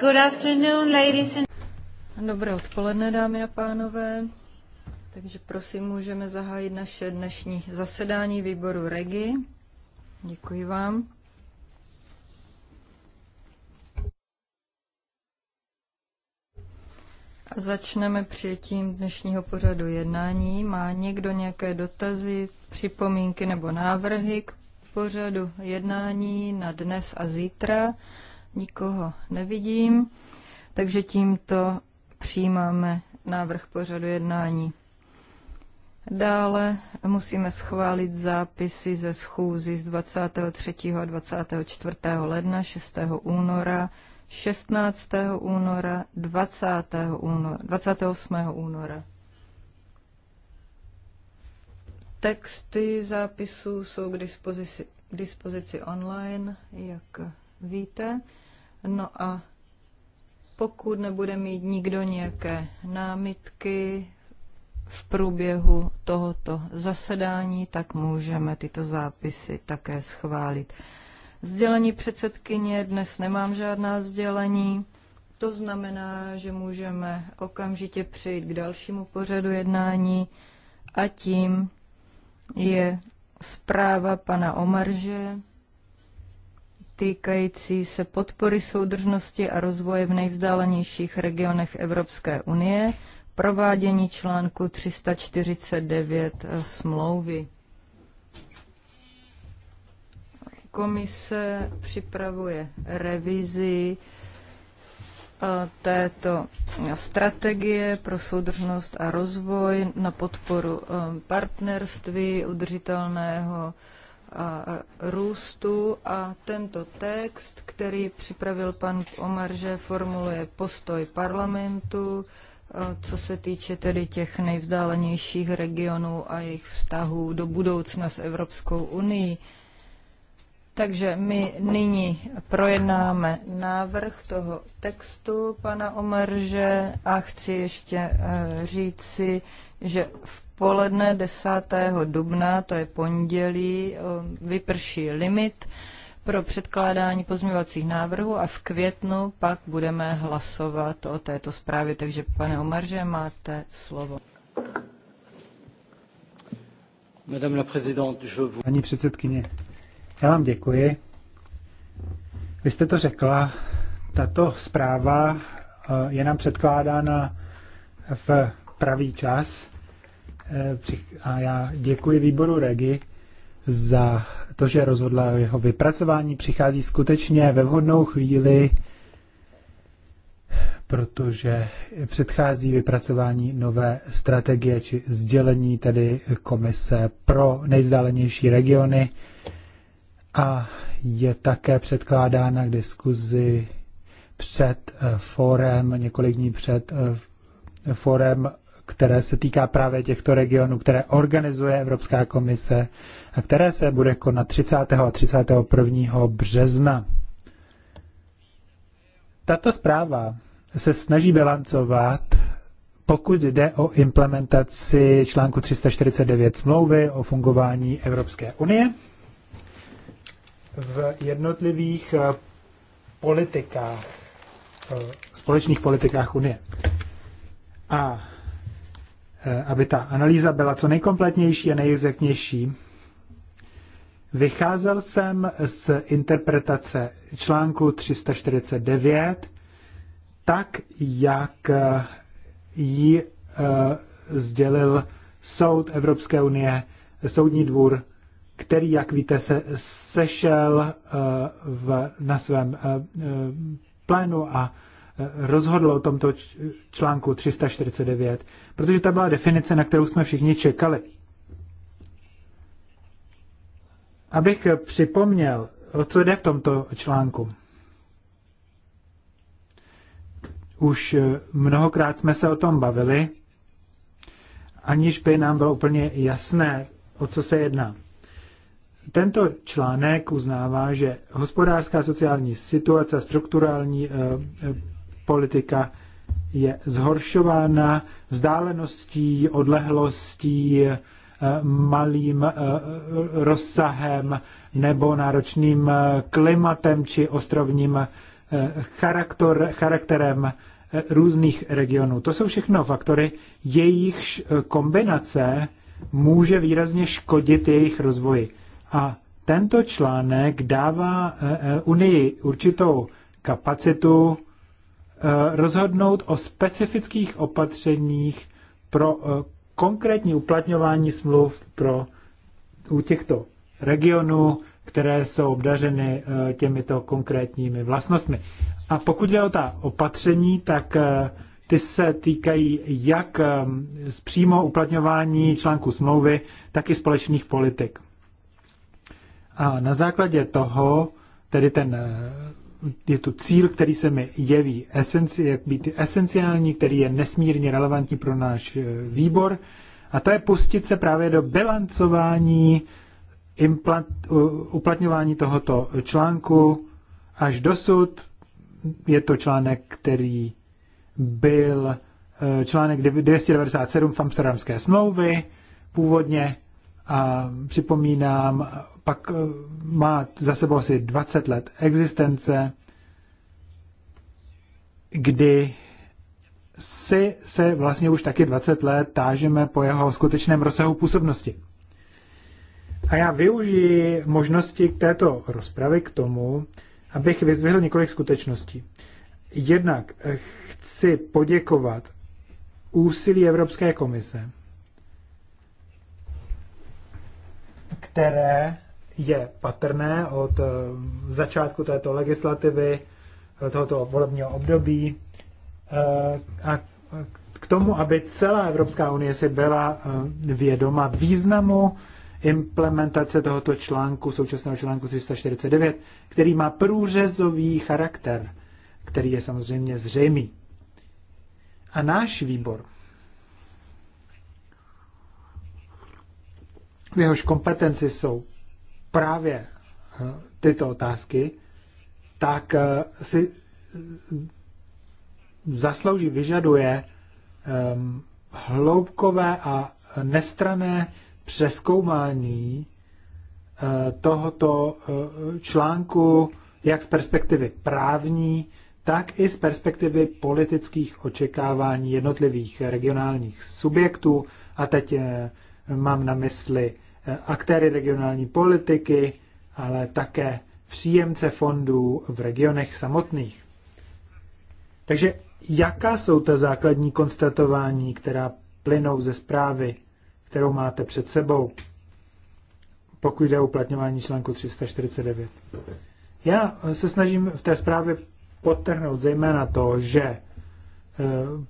Good afternoon, ladies and... Dobré odpoledne, dámy a pánové. Takže prosím, můžeme zahájit naše dnešní zasedání výboru REGI. Děkuji vám. A začneme přijetím dnešního pořadu jednání. Má někdo nějaké dotazy, připomínky nebo návrhy k pořadu jednání na dnes a zítra. Nikoho nevidím, takže tímto přijímáme návrh pořadu jednání. Dále musíme schválit zápisy ze schůzy z 23. a 24. ledna, 6. února, 16. února, 20. února, 28. února. Texty zápisů jsou k dispozici, k dispozici online, jak víte. No a pokud nebude mít nikdo nějaké námitky v průběhu tohoto zasedání, tak můžeme tyto zápisy také schválit. Sdělení předsedkyně dnes nemám žádná sdělení. To znamená, že můžeme okamžitě přejít k dalšímu pořadu jednání a tím je zpráva pana Omarže týkající se podpory soudržnosti a rozvoje v nejvzdálenějších regionech Evropské unie, provádění článku 349 smlouvy. Komise připravuje revizi Eh, této strategie pro soudržnost a rozvoj na podporu eh, partnerství udržitelného růstu a tento text, který připravil pan Omarže, formuluje postoj parlamentu, eh, co se týče tedy těch nejvzdálenějších regionů a jejich vztahů do budoucna s Evropskou unii. Takže my nyní projednáme návrh toho textu pana Omerže a chci ještě eh, říci, že v poledne 10. dubna, to je pondělí, eh, vyprší limit pro předkládání pozměňovacích návrhů a v květnu pak budeme hlasovat o této zprávě. Takže pane Omerže máte slovo. Madame la présidente, Paní předsedkyně, já vám děkuji. Vy jste to řekla, tato zpráva eh, je nám předkládána v pravý čas eh, a já děkuji výboru Regi za to, že rozhodla jeho vypracování. Přichází skutečně ve vhodnou chvíli, protože předchází vypracování nové strategie či sdělení tedy komise pro nejvzdálenější regiony a je také předkládána k diskuzi před eh, fórem, několik dní před eh, fórem, které se týká právě těchto regionů, které organizuje Evropská komise a které se bude konat 30. a 31. března. Tato zpráva se snaží bilancovat, pokud jde o implementaci článku 349 smlouvy o fungování Evropské unie, v jednotlivých eh, politikách, eh, společných politikách Unie. A eh, aby ta analýza byla co nejkompletnější a nejexaktnější, vycházel jsem z interpretace článku 349 tak, jak ji sdělil Soud Evropské unie, Soudní dvůr který, jak víte, se sešel eh, v, na svém eh, eh, plénu a rozhodl o tomto článku 349, protože ta byla definice, na kterou jsme všichni čekali. Abych připomněl, o co jde v tomto článku. Už mnohokrát jsme se o tom bavili, aniž by nám bylo úplně jasné, o co se jedná. Tento článek uznává, že hospodářská sociální situace, strukturální eh, eh, politika je zhoršována vzdáleností, odlehlostí, eh, malým rozsahem nebo náročným klimatem či ostrovním charakter, charakterem různých regionů. To jsou všechno faktory, jejichž kombinace může výrazně škodit jejich rozvoji. A tento článek dává eh, eh, Unii určitou kapacitu eh, rozhodnout o specifických opatřeních pro konkrétní uplatňování smluv pro u těchto regionů, které jsou obdařeny těmito konkrétními vlastnostmi. A pokud jde o ta opatření, tak ty se týkají jak z přímo uplatňování článku smlouvy, tak i společných politik. A na základě toho, tedy ten, eh, je tu cíl, který se mi jeví esenci, jak být esenciální, který je nesmírně relevantní pro náš eh, výbor, a to je pustit se právě do bilancování implant, uplatňování tohoto článku. Až dosud je to článek, který byl eh, článek 297 v Amsterdamské smlouvy původně a připomínám, pak eh, má za sebou asi 20 let existence, kdy si se vlastně už taky 20 let tážeme po jeho skutečném rozsahu působnosti. A já využiji možnosti k této rozpravy k tomu, abych vyzvihl několik skutečností. Jednak eh, chci poděkovat úsilí Evropské komise, které je patrné od eh, začátku této legislativy, eh, tohoto volebního období. Eh, a k tomu, aby celá Evropská unie si byla vědoma významu implementace tohoto článku, současného článku 349, který má průřezový charakter, který je samozřejmě zřejmý. A náš výbor, v jehož kompetenci jsou právě eh, tyto otázky, tak eh, si eh, zaslouží, vyžaduje ehm, hloubkové a nestrané přeskoumání tohoto článku jak z perspektivy právní, tak i z perspektivy politických očekávání jednotlivých regionálních subjektů. A teď mám na mysli Eh, aktéry regionální politiky, ale také příjemce fondů v regionech samotných. Takže jaká jsou ta základní konstatování, která plynou ze zprávy, kterou máte před sebou, pokud jde o uplatňování článku 349? Já se snažím v té zprávě podtrhnout zejména to, že eh,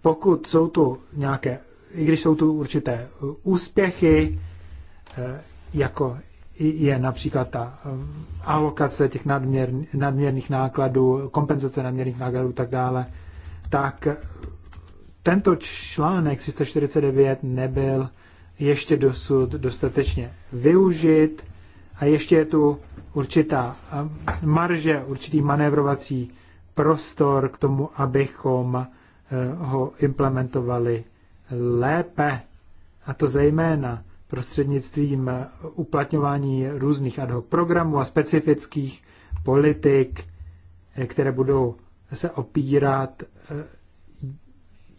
pokud jsou tu nějaké, i když jsou tu určité úspěchy, Eh, jako je například ta eh, alokace těch nadměr, nadměrných nákladů, kompenzace nadměrných nákladů a tak dále, tak eh, tento článek 349 nebyl ještě dosud dostatečně využit a ještě je tu určitá marže, určitý manévrovací prostor k tomu, abychom ho implementovali lépe. A to zejména prostřednictvím uplatňování různých ad hoc programů a specifických politik, eh, které budou se opírat eh,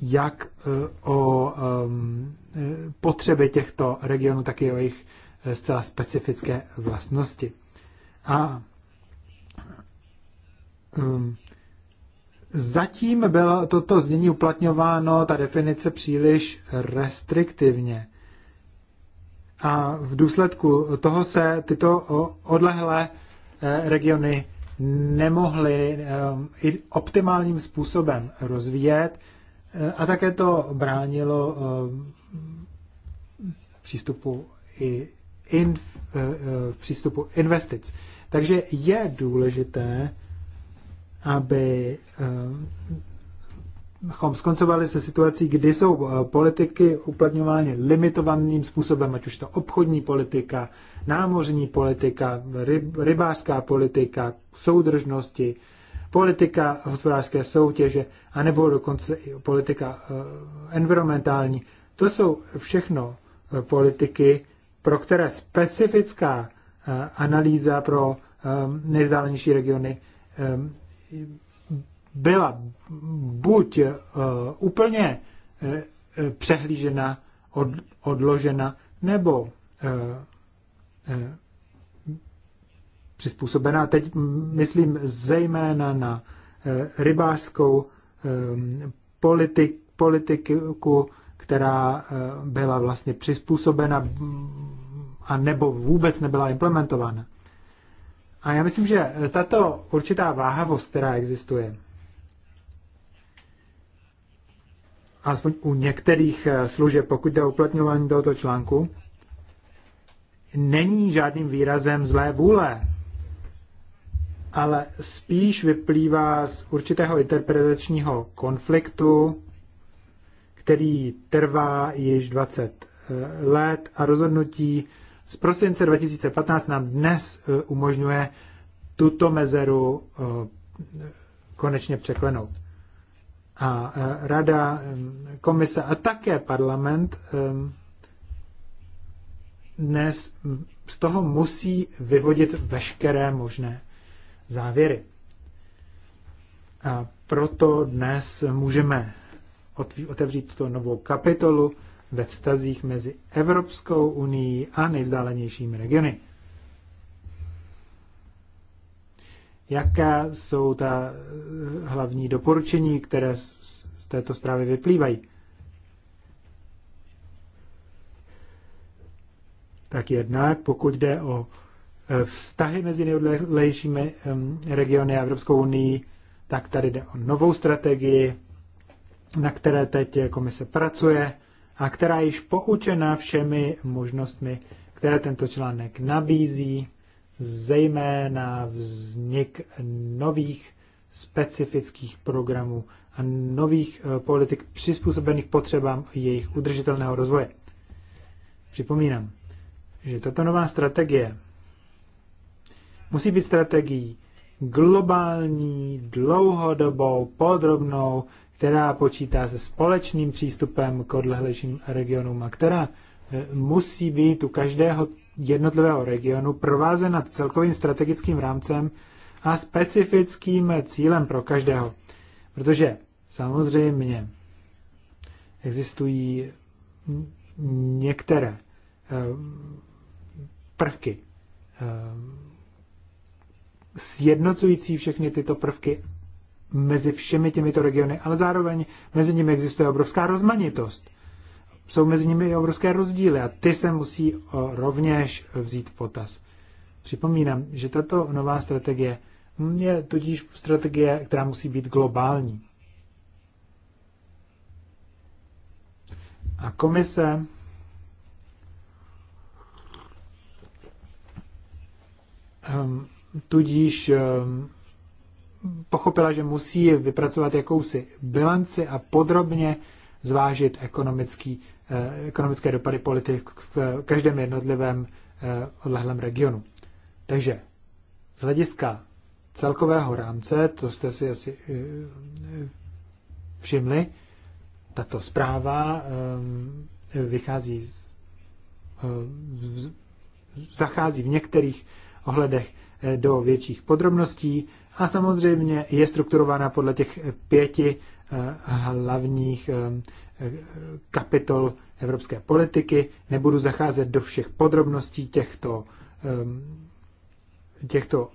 jak eh, o ehm, potřeby těchto regionů, tak i o jejich zcela specifické vlastnosti. A ehm, zatím bylo toto znění uplatňováno, ta definice příliš restriktivně. A v důsledku toho se tyto odlehlé eh, regiony nemohly eh, optimálním způsobem rozvíjet eh, a také to bránilo přístupu i in, přístupu investic. Takže je důležité, aby bychom skoncovali se situací, kdy jsou eh, politiky uplatňovány limitovaným způsobem, ať už to obchodní politika, námořní politika, ryb, rybářská politika, soudržnosti, politika hospodářské soutěže, anebo dokonce i politika eh, environmentální. To jsou všechno eh, politiky, pro které specifická analýza pro nejzálenější regiony byla buď uh, úplně uh, přehlížena, od, odložena, nebo uh, uh, přizpůsobena. Teď myslím zejména na uh, rybářskou um, politik, politiku, která uh, byla vlastně přizpůsobena mm, a nebo vůbec nebyla implementována. A já myslím, že tato určitá váhavost, která existuje, alespoň u některých eh, služeb, pokud jde o uplatňování tohoto článku, není žádným výrazem zlé vůle, ale spíš vyplývá z určitého interpretačního konfliktu, který trvá již 20 eh, let a rozhodnutí z prosince 2015 nám dnes eh, umožňuje tuto mezeru konečně překlenout a e, rada, e, komise a také parlament e, dnes z toho musí vyvodit veškeré možné závěry. A proto dnes můžeme otevřít tuto novou kapitolu ve vztazích mezi Evropskou unii a nejvzdálenějšími regiony. jaká jsou ta hlavní doporučení, které z této zprávy vyplývají. Tak jednak, pokud jde o e, vztahy mezi nejodlehlejšími regiony a Evropskou unii, tak tady jde o novou strategii, na které teď komise pracuje a která již poučena všemi možnostmi, které tento článek nabízí, zejména vznik nových specifických programů a nových eh, politik přizpůsobených potřebám jejich udržitelného rozvoje. Připomínám, že tato nová strategie musí být strategií globální, dlouhodobou, podrobnou, která počítá se společným přístupem k odlehlejším regionům a která eh, musí být u každého jednotlivého regionu provázena celkovým strategickým rámcem a specifickým cílem pro každého. Protože samozřejmě existují některé eh, prvky eh, sjednocující všechny tyto prvky mezi všemi těmito regiony, ale zároveň mezi nimi existuje obrovská rozmanitost jsou mezi nimi i obrovské rozdíly a ty se musí rovněž vzít v potaz. Připomínám, že tato nová strategie je tudíž strategie, která musí být globální. A komise ehm, tudíž ehm, pochopila, že musí vypracovat jakousi bilanci a podrobně zvážit ekonomický, eh, ekonomické dopady politik v každém jednotlivém eh, odlehlém regionu. Takže z hlediska celkového rámce, to jste si asi eh, všimli, tato zpráva vychází z, zachází v některých ohledech Eh, do větších podrobností a samozřejmě je strukturována podle těch pěti eh, hlavních eh, kapitol evropské politiky. Nebudu zacházet do všech podrobností těchto, těchto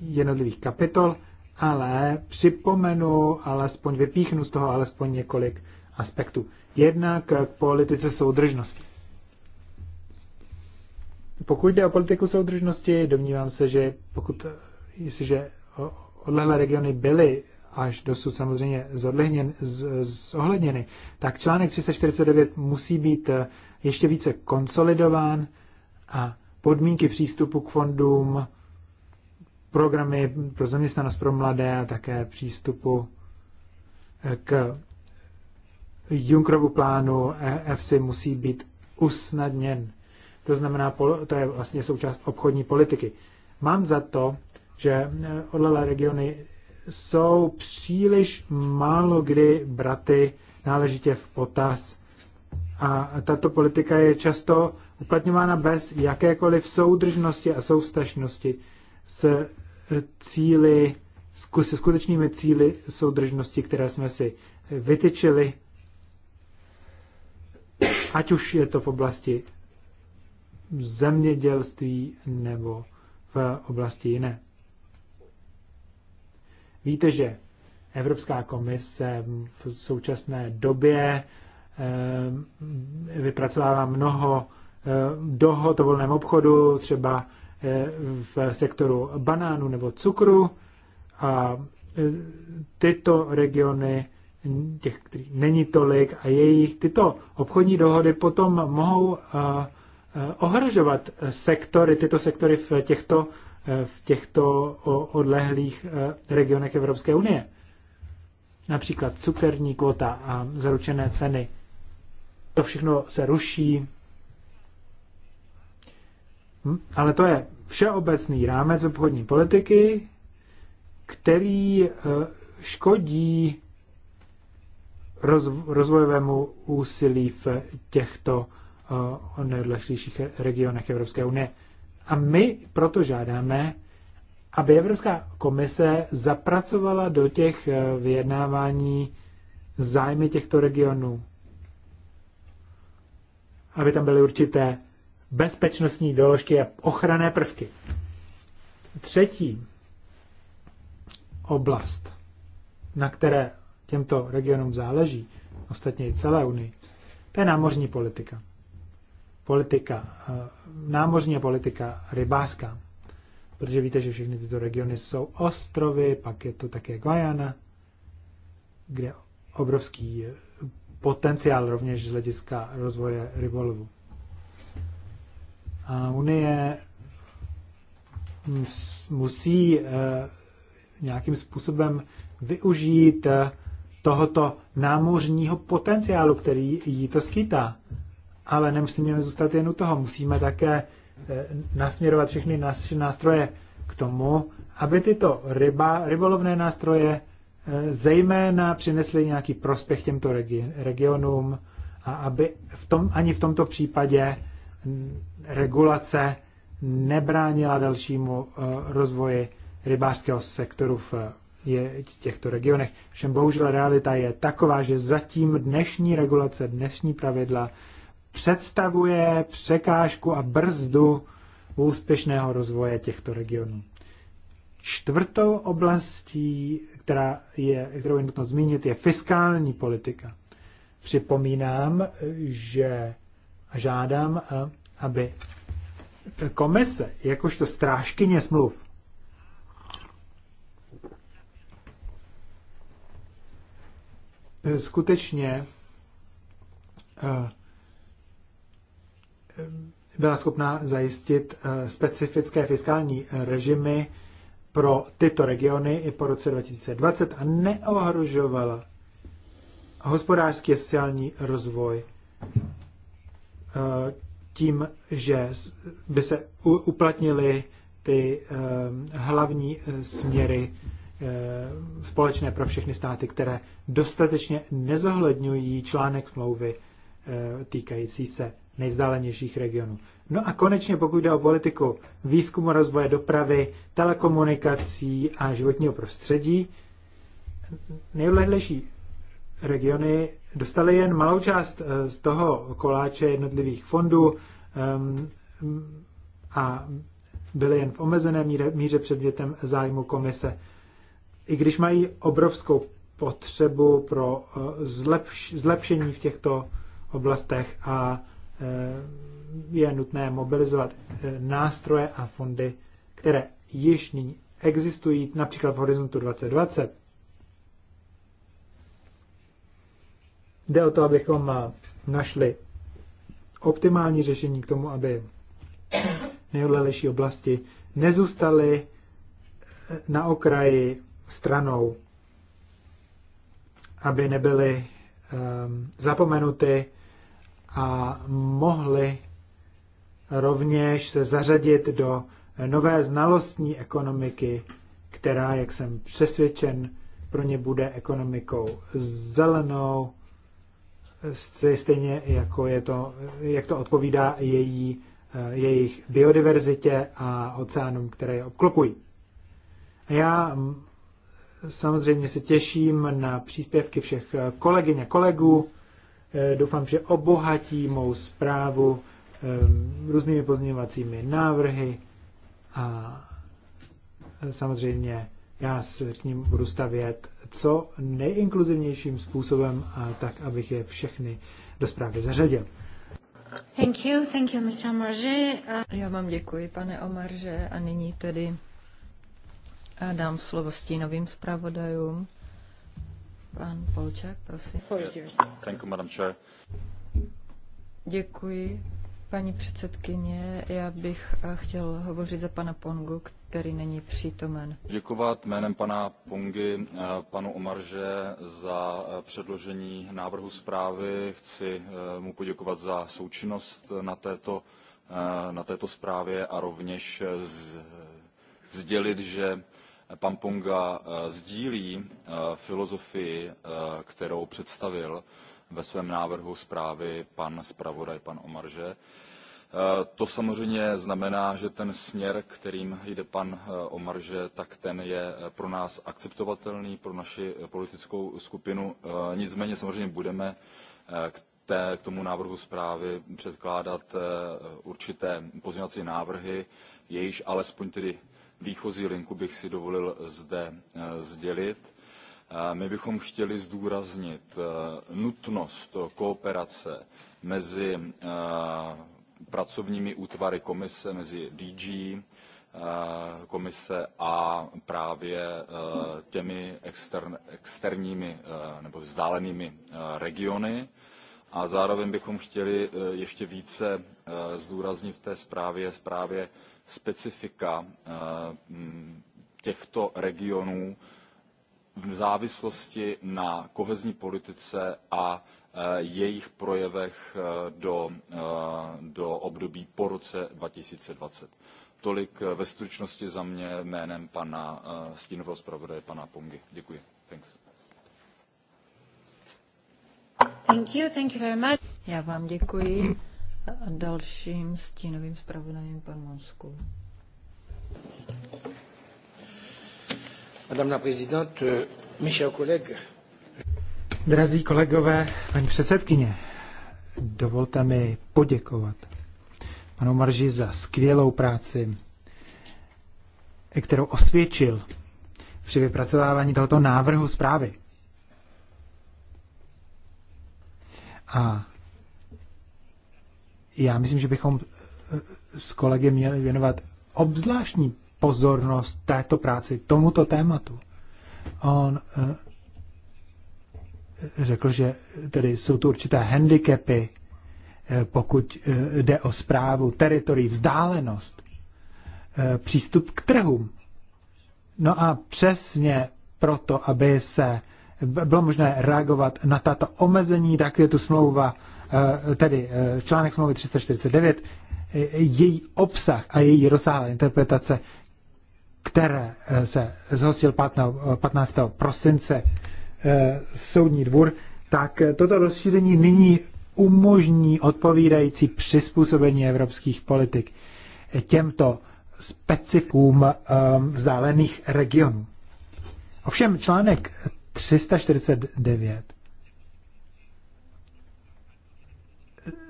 jednotlivých kapitol, ale připomenu, alespoň vypíchnu z toho alespoň několik aspektů. Jednak k politice soudržnosti. Pokud jde o politiku soudržnosti, domnívám se, že pokud, jestliže odlehlé regiony byly až dosud samozřejmě zohledněny, tak článek 349 musí být eh, ještě více konsolidován a podmínky přístupu k fondům, programy pro zaměstnanost pro mladé a také přístupu eh, k Junkrovu plánu EFSI musí být usnadněn. To znamená, to je vlastně součást obchodní politiky. Mám za to, že eh, odlehlé regiony jsou příliš málo kdy braty náležitě v potaz. A tato politika je často uplatňována bez jakékoliv soudržnosti a soustašnosti s eh, cíly, se skutečnými cíly soudržnosti, které jsme si vytyčili, ať už je to v oblasti zemědělství nebo v oblasti jiné. Víte, že Evropská komise v současné době eh, vypracovává mnoho eh, dohod o volném obchodu, třeba eh, v sektoru banánu nebo cukru. A tyto regiony, těch, kterých není tolik, a jejich tyto obchodní dohody potom mohou Eh, ohrožovat sektory, tyto sektory v těchto, eh, v těchto odlehlých eh, regionech Evropské unie. Například cukerní kvota a zaručené ceny. To všechno se ruší. Hm? Ale to je všeobecný rámec obchodní politiky, který škodí rozvojovému úsilí v těchto o nejdůležitějších regionech Evropské unie. A my proto žádáme, aby Evropská komise zapracovala do těch e, vyjednávání zájmy těchto regionů. Aby tam byly určité bezpečnostní doložky a ochranné prvky. Třetí oblast, na které těmto regionům záleží, ostatně i celé Unii, to je námořní politika politika, eh, námořní politika rybářská. Protože víte, že všechny tyto regiony jsou ostrovy, pak je to také Guayana, kde obrovský eh, potenciál rovněž z hlediska rozvoje rybolovu. A Unie musí eh, nějakým způsobem využít tohoto námořního potenciálu, který jí to skýtá ale nemusíme zůstat jen u toho. Musíme také eh, nasměrovat všechny nástroje k tomu, aby tyto ryba, rybolovné nástroje eh, zejména přinesly nějaký prospěch těmto regionům a aby v tom, ani v tomto případě mm, regulace nebránila dalšímu eh, rozvoji rybářského sektoru v těchto regionech. Všem bohužel realita je taková, že zatím dnešní regulace, dnešní pravidla představuje překážku a brzdu úspěšného rozvoje těchto regionů. Čtvrtou oblastí, která je, kterou je nutno zmínit, je fiskální politika. Připomínám, že žádám, aby komise, jakožto strážkyně smluv, skutečně byla schopna zajistit eh, specifické fiskální eh, režimy pro tyto regiony i po roce 2020 a neohrožovala hospodářský a sociální rozvoj eh, tím, že by se uplatnily ty hlavní směry společné pro všechny státy, které dostatečně nezohledňují článek smlouvy týkající se nejvzdálenějších regionů. No a konečně, pokud jde o politiku výzkumu, rozvoje dopravy, telekomunikací a životního prostředí, nejodlehlejší regiony dostaly jen malou část eh, z toho koláče jednotlivých fondů ehm, a byly jen v omezené míře, míře předmětem zájmu komise. I když mají obrovskou potřebu pro eh, zlepš, zlepšení v těchto oblastech a Eh, je nutné mobilizovat eh, nástroje a fondy, které již nyní existují, například v Horizontu 2020. Jde o to, abychom eh, našli optimální řešení k tomu, aby nejodlehlejší oblasti nezůstaly na okraji stranou, aby nebyly um, zapomenuty a mohli rovněž se zařadit do nové znalostní ekonomiky, která, jak jsem přesvědčen, pro ně bude ekonomikou zelenou, stejně jako je to, jak to odpovídá její, eh, jejich biodiverzitě a oceánům, které je obklopují. já mm, samozřejmě se těším na příspěvky všech eh, kolegyň a kolegů Eh, doufám, že obohatí mou zprávu eh, různými pozměňovacími návrhy a eh, samozřejmě já se k ním budu stavět co nejinkluzivnějším způsobem a tak, abych je všechny do zprávy zařadil. Thank you, thank you, Mr. Omarže. Já vám děkuji, pane Omarže, a nyní tedy dám slovo stínovým zpravodajům. Pan Polčák, prosím. Thank you, Madam Chair. Děkuji, paní předsedkyně. Já bych eh, chtěl hovořit za pana Pongu, který není přítomen. Děkovat jménem pana Pongy eh, panu Omarže za eh, předložení návrhu zprávy. Chci mu poděkovat za součinnost na této, na této zprávě a rovněž z, sdělit, že Pamponga eh, sdílí eh, filozofii, eh, kterou představil ve svém návrhu zprávy pan zpravodaj, pan Omarže. To samozřejmě znamená, že ten směr, kterým jde pan Omarže, tak ten je pro nás akceptovatelný, pro naši politickou skupinu. Nicméně samozřejmě budeme k té, k tomu návrhu zprávy předkládat určité pozměňovací návrhy, jejichž alespoň tedy výchozí linku bych si dovolil zde eh, sdělit. Eh, my bychom chtěli zdůraznit eh, nutnost kooperace mezi pracovními útvary komise, mezi DG, komise a právě těmi externími nebo vzdálenými regiony a zároveň bychom chtěli eh, ještě více eh, zdůraznit v té zprávě právě specifika eh, těchto regionů v závislosti na kohezní politice a jejich projevech do, do období po roce. two thousand and twenty tolik ve stručnosti za mě jménem pana stínového zpravodaje pana pongy. děkuji. Thanks. Thank you, thank you very much. Já vám děkuji. A dalším stínovým zpravodajem pan Monsku. Madame la présidente, euh, mes chers collègues. Drazí kolegové, paní předsedkyně, dovolte mi poděkovat panu Marži za skvělou práci, kterou osvědčil při vypracovávání tohoto návrhu zprávy. A já myslím, že bychom eh, s kolegy měli věnovat obzvláštní pozornost této práci, tomuto tématu. On eh, řekl, že tedy jsou tu určité handicapy, eh, pokud jde o zprávu teritorií, vzdálenost, přístup k trhům. No a přesně proto, aby se bylo možné reagovat na tato omezení, tak je tu smlouva, eh, tedy eh, článek smlouvy 349, eh, její obsah a její rozsáhlá interpretace, které se zhostil 15. prosince soudní dvůr, tak toto rozšíření nyní umožní odpovídající přizpůsobení evropských politik těmto specifikům vzdálených regionů. Ovšem článek 349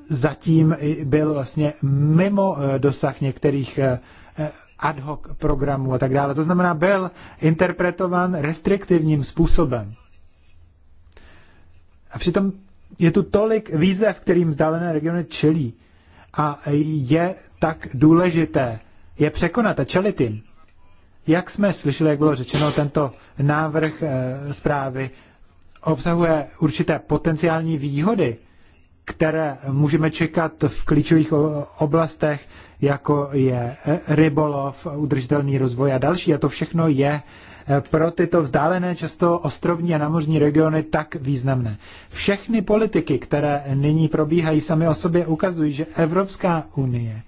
zatím byl vlastně mimo eh, dosah některých eh, eh, ad hoc programů a tak dále. To znamená, byl interpretovan restriktivním způsobem. A přitom je tu tolik výzev, kterým vzdálené regiony čelí. A je tak důležité je překonat a čelit jim. Jak jsme slyšeli, jak bylo řečeno, tento návrh eh, zprávy obsahuje určité potenciální výhody, které můžeme čekat v klíčových oblastech, jako je eh, rybolov, udržitelný rozvoj a další. A to všechno je eh, pro tyto vzdálené, často ostrovní a námořní regiony tak významné. Všechny politiky, které nyní probíhají sami o sobě, ukazují, že Evropská unie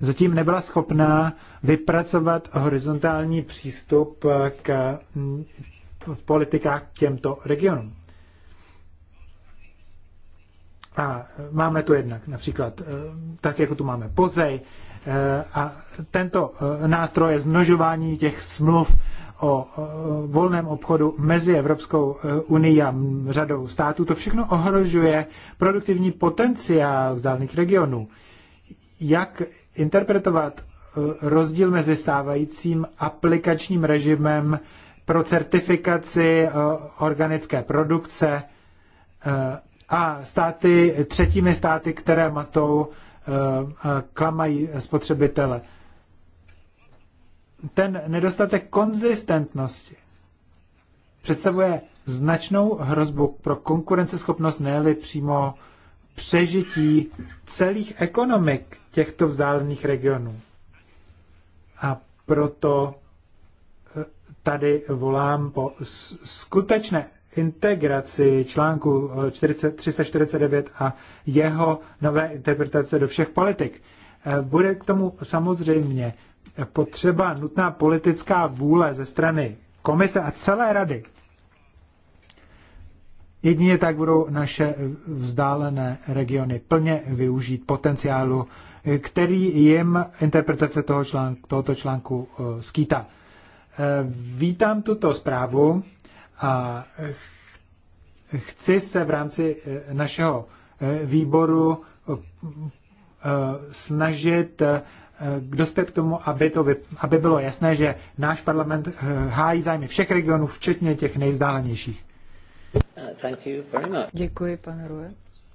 zatím nebyla schopná vypracovat horizontální přístup k, v politikách k těmto regionům. A máme tu jednak například, eh, tak jako tu máme pozej, eh, a tento eh, nástroj je zmnožování těch smluv o volném obchodu mezi Evropskou unii a řadou států. To všechno ohrožuje produktivní potenciál vzdálených regionů. Jak interpretovat eh, rozdíl mezi stávajícím aplikačním režimem pro certifikaci eh, organické produkce eh, a státy, třetími státy, které matou, klamají spotřebitele. Ten nedostatek konzistentnosti představuje značnou hrozbu pro konkurenceschopnost, ne přímo přežití celých ekonomik těchto vzdálených regionů. A proto eh, tady volám po skutečné integraci článku 349 eh, a jeho nové interpretace do všech politik. Eh, bude k tomu samozřejmě potřeba nutná politická vůle ze strany komise a celé rady. Jedině tak budou naše vzdálené regiony plně využít potenciálu, který jim interpretace toho článku, tohoto článku eh, skýtá. Eh, vítám tuto zprávu a chci se v rámci eh, našeho výboru snažit dospět k tomu, aby, to, aby bylo jasné, že náš parlament hájí zájmy všech regionů, včetně těch nejvzdálenějších thank you very much. Děkuji, pane Rue.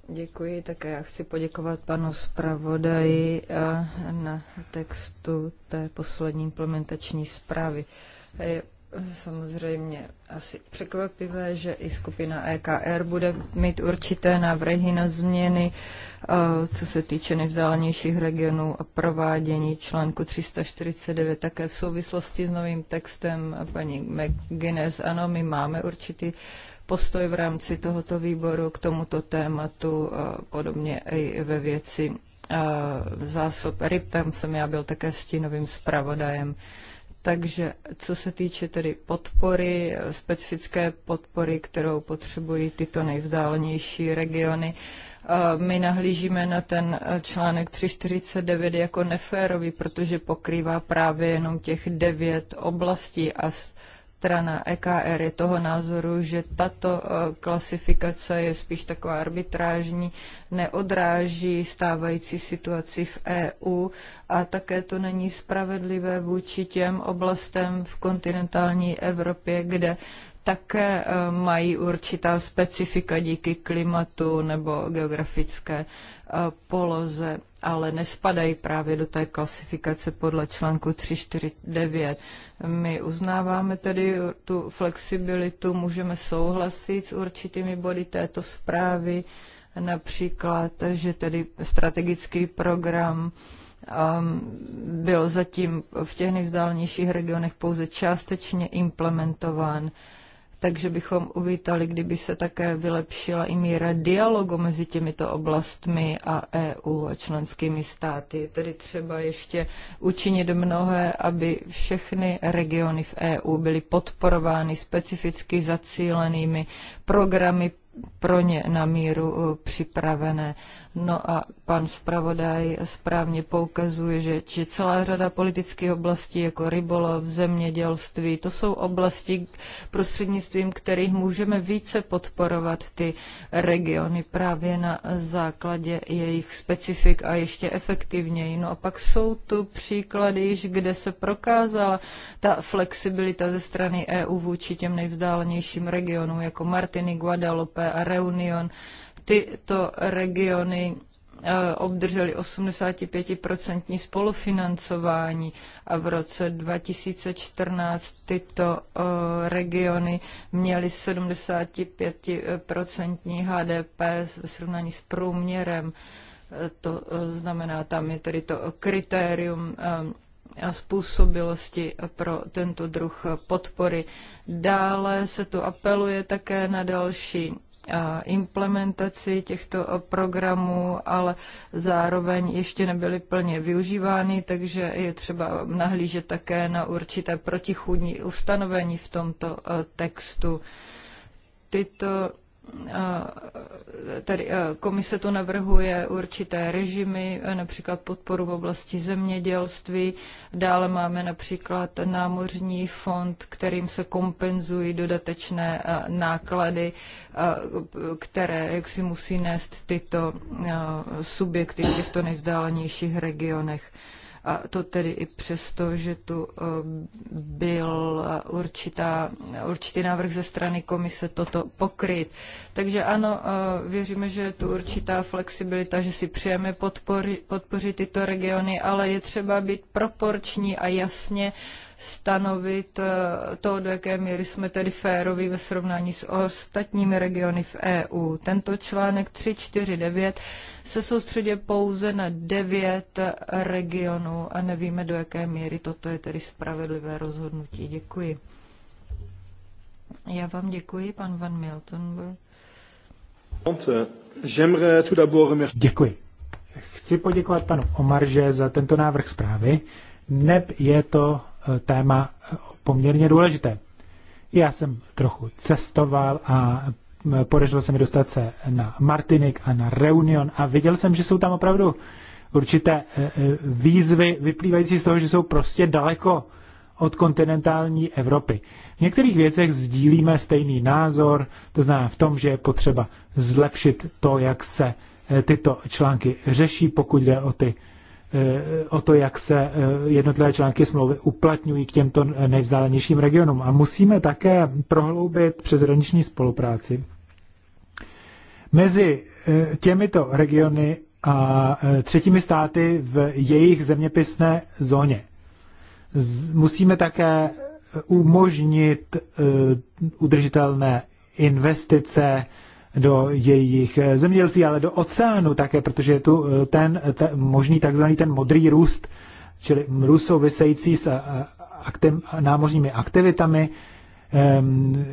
Děkuji, také já chci poděkovat panu zpravodaji eh, na textu té poslední implementační zprávy. Je samozřejmě asi překvapivé, že i skupina EKR bude mít určité návrhy na změny, eh, co se týče nejvzdálenějších regionů a provádění článku 349, také v souvislosti s novým textem paní McGuinness. Ano, my máme určitý postoj v rámci tohoto výboru k tomuto tématu, eh, podobně i ve věci eh, zásob ryb, tam jsem já byl také stínovým zpravodajem. Takže co se týče tedy podpory, eh, specifické podpory, kterou potřebují tyto nejvzdálenější regiony, my nahlížíme na ten článek 349 jako neférový, protože pokrývá právě jenom těch devět oblastí a s strana EKR je toho názoru, že tato e, klasifikace je spíš taková arbitrážní, neodráží stávající situaci v EU a také to není spravedlivé vůči těm oblastem v kontinentální Evropě, kde také e, mají určitá specifika díky klimatu nebo geografické Eh, poloze, ale nespadají právě do té klasifikace podle článku 349. My uznáváme tedy tu flexibilitu, můžeme souhlasit s určitými body této zprávy, například, že tedy strategický program ehm, byl zatím v těch nejvzdálenějších regionech pouze částečně implementován takže bychom uvítali, kdyby se také vylepšila i míra dialogu mezi těmito oblastmi a EU a členskými státy. Tedy třeba ještě učinit mnohé, aby všechny regiony v EU byly podporovány specificky zacílenými programy pro ně na míru eh, připravené. No a pan zpravodaj správně poukazuje, že či celá řada politických oblastí, jako rybolov, zemědělství, to jsou oblasti, prostřednictvím kterých můžeme více podporovat ty regiony právě na základě jejich specifik a ještě efektivněji. No a pak jsou tu příklady kde se prokázala ta flexibilita ze strany EU vůči těm nejvzdálenějším regionům, jako Martiny, Guadalupe, Guadeloupe a Reunion. Tyto regiony eh, obdrželi 85% spolufinancování a v roce 2014 tyto eh, regiony měly 75% HDP ve srovnání s průměrem. Eh, to znamená, tam je tedy to kritérium a způsobilosti pro tento druh podpory. Dále se tu apeluje také na další implementaci těchto e, programů, ale zároveň ještě nebyly plně využívány, takže je třeba nahlížet také na určité protichůdní ustanovení v tomto e, textu. Tyto Eh, tady eh, komise tu navrhuje určité režimy, eh, například podporu v oblasti zemědělství. Dále máme například námořní fond, kterým se kompenzují dodatečné náklady, které jak si musí nést tyto subjekty v těchto nejvzdálenějších regionech. A to tedy i přesto, že tu eh, byl eh, určitá, určitý návrh ze strany komise toto pokryt. Takže ano, eh, věříme, že je tu určitá flexibilita, že si přejeme podpořit tyto regiony, ale je třeba být proporční a jasně uh, stanovit eh, to, do jaké míry jsme tedy féroví ve srovnání s ostatními regiony v EU. Tento článek 349 se soustředí pouze na devět regionů a nevíme, do jaké míry toto je tedy spravedlivé rozhodnutí. Děkuji. Já vám děkuji, pan Van Milton. Děkuji. Chci poděkovat panu Omarže za tento návrh zprávy. Neb je to Eh, téma poměrně důležité. Já jsem trochu cestoval a podařilo se mi dostat se na Martinik a na Reunion a viděl jsem, že jsou tam opravdu určité eh, eh, výzvy vyplývající z toho, že jsou prostě daleko od kontinentální Evropy. V některých věcech sdílíme stejný názor, to znamená v tom, že je potřeba zlepšit to, jak se tyto články řeší, pokud jde o ty Eh, o to, jak se eh, jednotlivé články smlouvy uplatňují k těmto nejvzdálenějším regionům. A musíme také prohloubit přeshraniční spolupráci mezi eh, těmito regiony a třetími státy v jejich zeměpisné zóně. Musíme také umožnit udržitelné investice do jejich zemědělství, ale do oceánu také, protože je tu eh, ten, ten možný takzvaný ten modrý růst, čili růst související s eh, aktem, námořními aktivitami, ehm,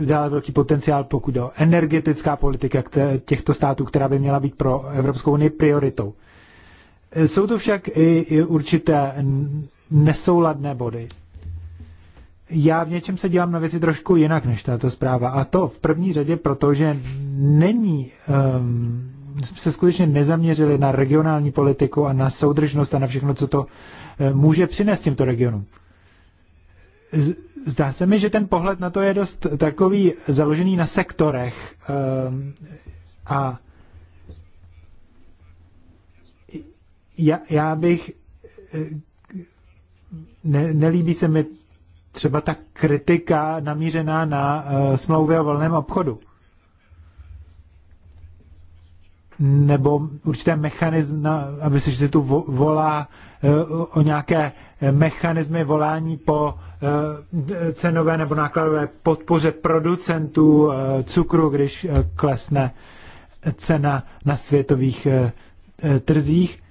dále velký potenciál, pokud do energetická politika těchto států, která by měla být pro Evropskou unii prioritou. Eh, jsou to však i určité nesouladné body já v něčem se dělám na věci trošku jinak než tato zpráva. A to v první řadě proto, že není, um, se skutečně nezaměřili na regionální politiku a na soudržnost a na všechno, co to eh, může přinést těmto regionům. Zdá se mi, že ten pohled na to je dost takový založený na sektorech um, a já, já bych eh, ne, nelíbí se mi třeba ta kritika namířená na eh, smlouvy o volném obchodu. Nebo určité mechanizmy, aby se, se tu volá eh, o nějaké mechanizmy volání po eh, cenové nebo nákladové podpoře producentů cukru, když klesne cena na světových trzích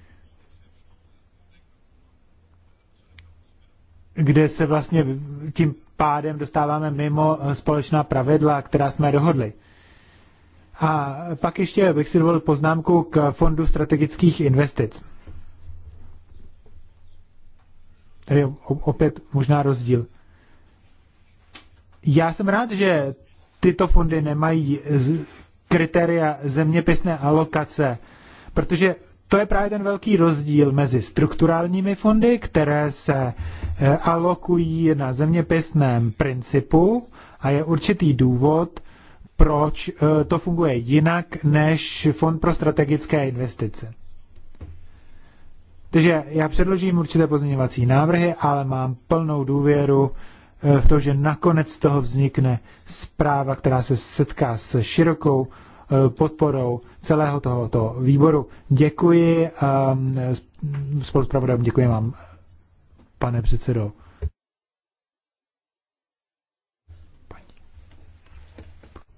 kde se vlastně tím pádem dostáváme mimo eh, společná pravidla, která jsme dohodli. A pak ještě bych si dovolil poznámku k Fondu strategických investic. Tady je opět možná rozdíl. Já jsem rád, že tyto fondy nemají kritéria zeměpisné alokace, protože to je právě ten velký rozdíl mezi strukturálními fondy, které se eh, alokují na zeměpisném principu a je určitý důvod, proč eh, to funguje jinak než Fond pro strategické investice. Takže já předložím určité pozměňovací návrhy, ale mám plnou důvěru eh, v to, že nakonec z toho vznikne zpráva, která se setká s širokou Eh, podporou celého tohoto výboru. Děkuji spolupravodajům, děkuji vám, pane předsedo.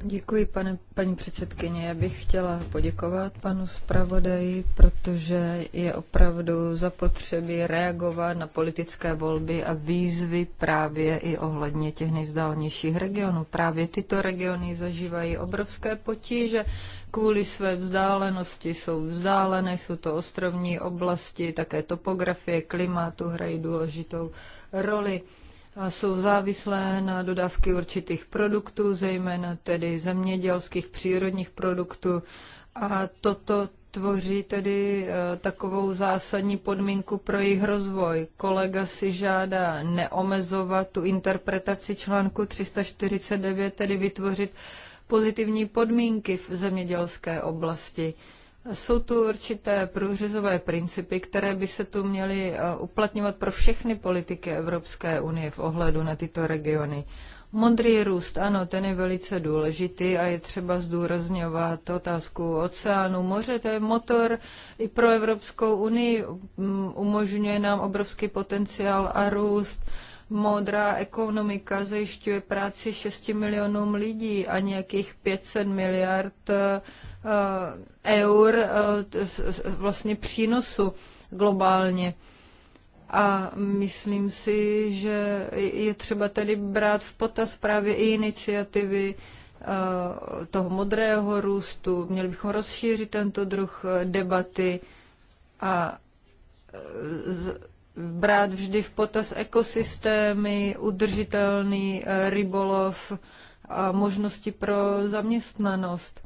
Děkuji, pane, paní předsedkyně. Já bych chtěla poděkovat panu zpravodaji, protože je opravdu zapotřebí reagovat na politické volby a výzvy právě i ohledně těch nejzdálnějších regionů. Právě tyto regiony zažívají obrovské potíže kvůli své vzdálenosti. Jsou vzdálené, jsou to ostrovní oblasti, také topografie, klimatu hrají důležitou roli jsou závislé na dodávky určitých produktů, zejména tedy zemědělských přírodních produktů. A toto tvoří tedy e, takovou zásadní podmínku pro jejich rozvoj. Kolega si žádá neomezovat tu interpretaci článku 349, tedy vytvořit pozitivní podmínky v zemědělské oblasti. Jsou tu určité průřezové principy, které by se tu měly eh, uplatňovat pro všechny politiky Evropské unie v ohledu na tyto regiony. Modrý růst, ano, ten je velice důležitý a je třeba zdůrazňovat otázku oceánu. Moře to je motor i pro Evropskou unii, mm, umožňuje nám obrovský potenciál a růst Modrá ekonomika zajišťuje práci 6 milionům lidí a nějakých 500 miliard eh, eh, eur eh, vlastně přínosu globálně. A myslím si, že je třeba tedy brát v potaz právě i iniciativy toho modrého růstu. Měli bychom rozšířit tento druh debaty a brát vždy v potaz ekosystémy, udržitelný eh, rybolov a možnosti pro zaměstnanost.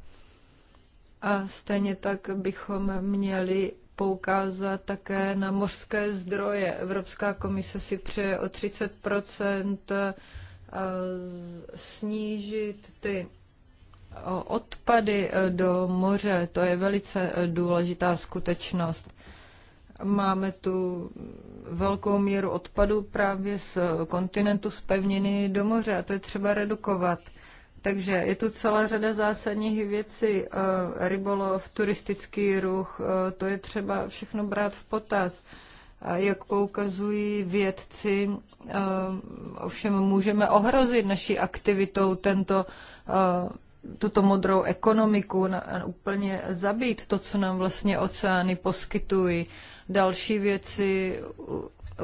A stejně tak bychom měli poukázat také na mořské zdroje. Evropská komise si přeje o 30 eh, snížit ty eh, odpady do moře. To je velice důležitá skutečnost. Máme tu velkou míru odpadu právě z kontinentu, z pevniny do moře a to je třeba redukovat. Takže je tu celá řada zásadních věcí, eh, rybolov, turistický ruch, eh, to je třeba všechno brát v potaz. A jak poukazují vědci, eh, ovšem můžeme ohrozit naší aktivitou tento, tuto modrou ekonomiku, úplně zabít to, co nám vlastně oceány poskytují další věci,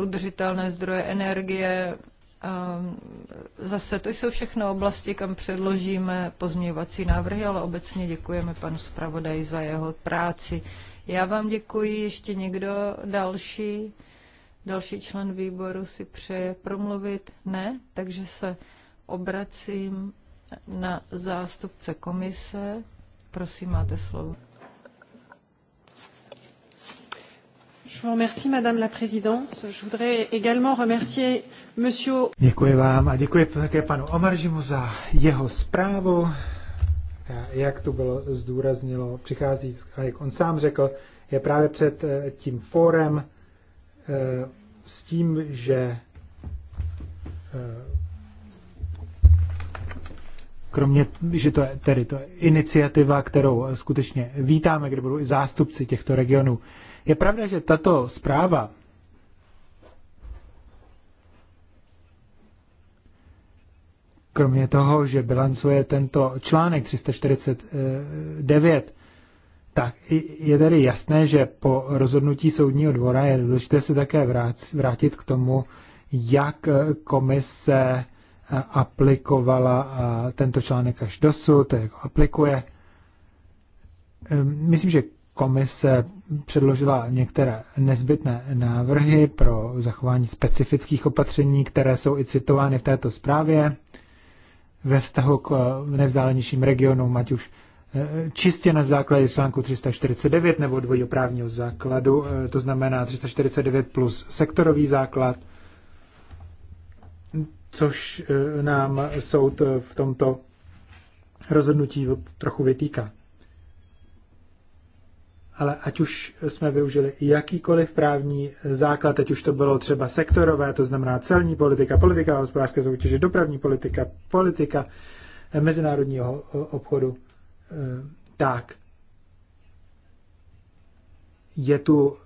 udržitelné zdroje energie. Ehm, zase to jsou všechno oblasti, kam předložíme pozměňovací návrhy, ale obecně děkujeme panu zpravodaji za jeho práci. Já vám děkuji. Ještě někdo další? Další člen výboru si přeje promluvit? Ne? Takže se obracím na zástupce komise. Prosím, máte slovo. Děkuji vám a děkuji také panu Omaržimu za jeho zprávu. Jak tu bylo zdůraznilo, přichází, a jak on sám řekl, je právě před eh, tím fórem eh, s tím, že eh, kromě, že to je tedy to je iniciativa, kterou skutečně vítáme, kde budou i zástupci těchto regionů, je pravda, že tato zpráva kromě toho, že bilancuje tento článek 349, tak je tedy jasné, že po rozhodnutí soudního dvora je důležité se také vrátit k tomu, jak komise eh, aplikovala tento článek až dosud, jak ho aplikuje. Ehm, myslím, že komise předložila některé nezbytné návrhy pro zachování specifických opatření, které jsou i citovány v této zprávě ve vztahu k eh, nevzdálenějším regionům, ať už eh, čistě na základě článku 349 nebo dvojího právního základu, eh, to znamená 349 plus sektorový základ, což nám soud v tomto rozhodnutí trochu vytýká ale ať už jsme využili jakýkoliv právní základ, ať už to bylo třeba sektorové, to znamená celní politika, politika hospodářské soutěže, dopravní politika, politika eh, mezinárodního eh, obchodu, eh, tak je tu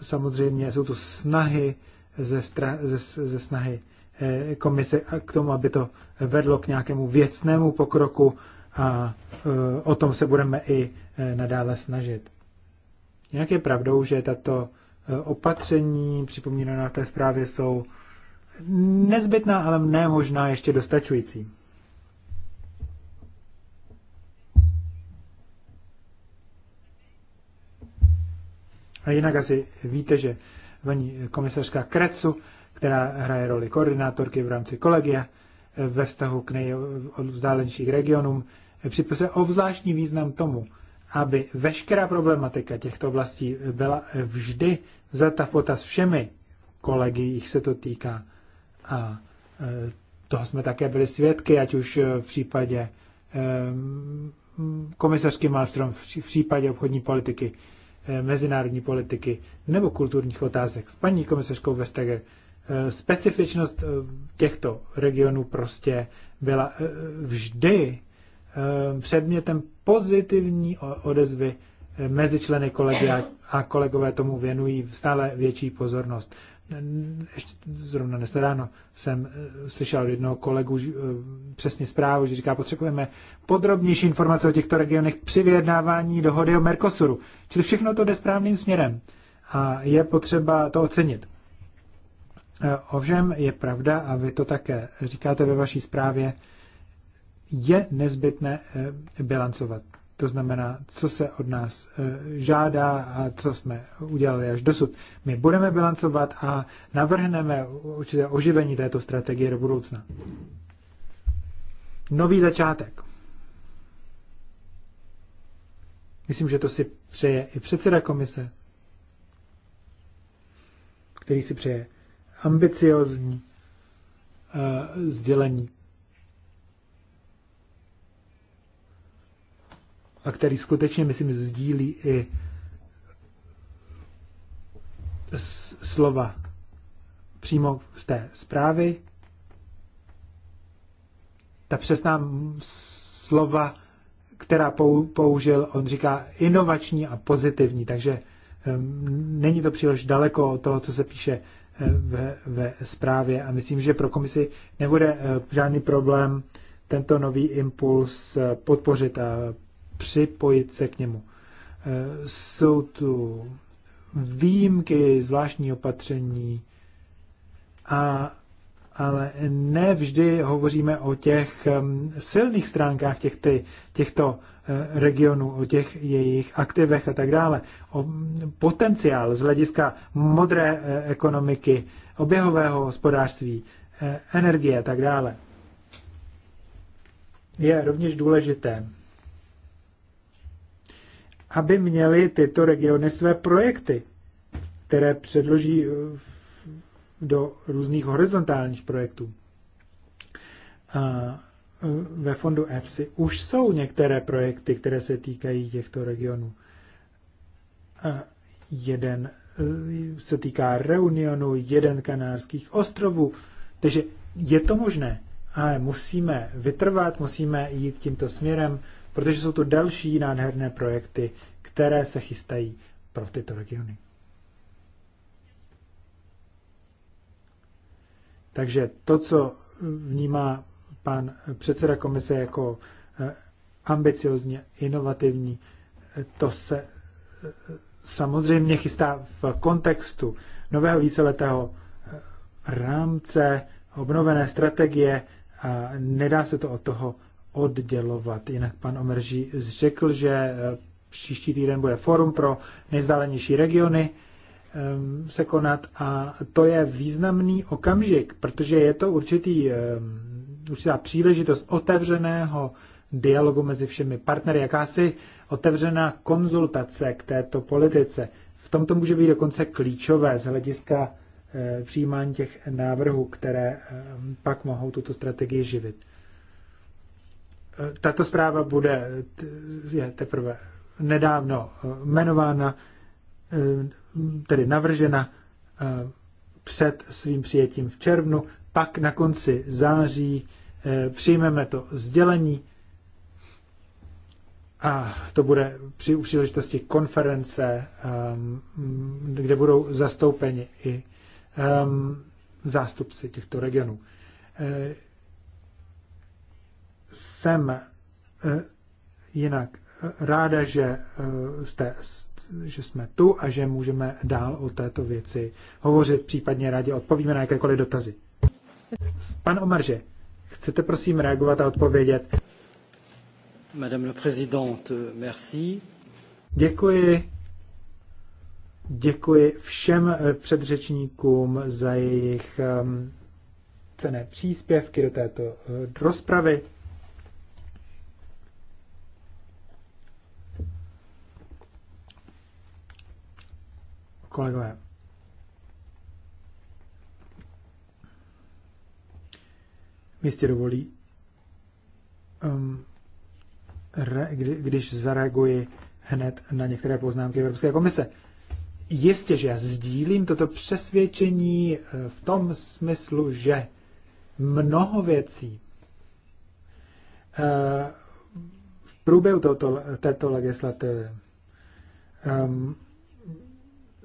samozřejmě, jsou tu snahy ze, stra, ze, ze snahy komise k tomu, aby to vedlo k nějakému věcnému pokroku a o tom se budeme i nadále snažit. Nějak je pravdou, že tato eh, opatření připomínaná v té zprávě jsou nezbytná, ale ne možná ještě dostačující. A jinak asi víte, že paní komisařka Krecu, která hraje roli koordinátorky v rámci kolegia eh, ve vztahu k nejvzdálenějším regionům, eh, připisuje obzvláštní význam tomu, aby veškerá problematika těchto oblastí byla vždy vzata v potaz všemi kolegy, jich se to týká. A e, toho jsme také byli svědky, ať už v případě e, komisařky Malmström, v případě obchodní politiky, e, mezinárodní politiky nebo kulturních otázek s paní komisařkou Vestager. Specifičnost těchto regionů prostě byla vždy Eh, předmětem pozitivní odezvy eh, mezi členy kolegy a kolegové tomu věnují stále větší pozornost. Ještě zrovna dnes ráno jsem eh, slyšel od jednoho kolegu přesně zprávu, že říká, potřebujeme podrobnější informace o těchto regionech při vyjednávání dohody o Mercosuru. Čili všechno to jde správným směrem a je potřeba to ocenit. Ovšem je pravda, a vy to také říkáte ve vaší zprávě, je nezbytné eh, bilancovat. To znamená, co se od nás eh, žádá a co jsme udělali až dosud. My budeme bilancovat a navrhneme určité oživení této strategie do budoucna. Nový začátek. Myslím, že to si přeje i předseda komise, který si přeje ambiciozní uh, sdělení. a který skutečně, myslím, sdílí i slova přímo z té zprávy. Ta přesná slova, která použil, on říká inovační a pozitivní, takže není to příliš daleko od toho, co se píše eh, ve, ve zprávě a myslím, že pro komisi nebude eh, žádný problém tento nový impuls eh, podpořit a připojit se k němu. Eh, jsou tu výjimky, zvláštní opatření, a, ale ne vždy hovoříme o těch silných stránkách těch ty, těchto eh, regionů, o těch jejich aktivech a tak dále. O potenciál z hlediska modré eh, ekonomiky, oběhového hospodářství, energie a tak dále. Je rovněž důležité aby měly tyto regiony své projekty, které předloží eh, do různých horizontálních projektů. A eh, ve fondu EFSI už jsou některé projekty, které se týkají těchto regionů. A jeden eh, se týká Reunionu, jeden kanárských ostrovů. Takže je to možné, ale musíme vytrvat, musíme jít tímto směrem protože jsou to další nádherné projekty, které se chystají pro tyto regiony. Takže to, co vnímá pan předseda komise jako eh, ambiciozně inovativní, eh, to se eh, samozřejmě chystá v kontextu nového víceletého rámce, obnovené strategie a nedá se to od toho oddělovat. Jinak pan Omerží řekl, že eh, příští týden bude forum pro nejzdálenější regiony ehm, se konat a to je významný okamžik, protože je to určitý, ehm, určitá příležitost otevřeného dialogu mezi všemi partnery, jakási otevřená konzultace k této politice. V tomto může být dokonce klíčové z hlediska eh, přijímání těch návrhů, které ehm, pak mohou tuto strategii živit tato zpráva bude je teprve nedávno eh, jmenována, eh, tedy navržena eh, před svým přijetím v červnu, pak na konci září přijmeme to sdělení a to bude při příležitosti konference, kde budou zastoupeni i zástupci těchto regionů jsem eh, jinak eh, ráda, že, eh, jste, že jsme tu a že můžeme dál o této věci hovořit, případně rádi odpovíme na jakékoliv dotazy. Pan Omarže, chcete prosím reagovat a odpovědět? Madame la présidente, merci. Děkuji. Děkuji všem předřečníkům za jejich ehm, cené příspěvky do této rozpravy. kolegové. Jistě dovolí, um, re, kdy, když zareaguji hned na některé poznámky Evropské komise. Jistě, že já sdílím toto přesvědčení eh, v tom smyslu, že mnoho věcí eh, v průběhu tohoto, této legislativy um,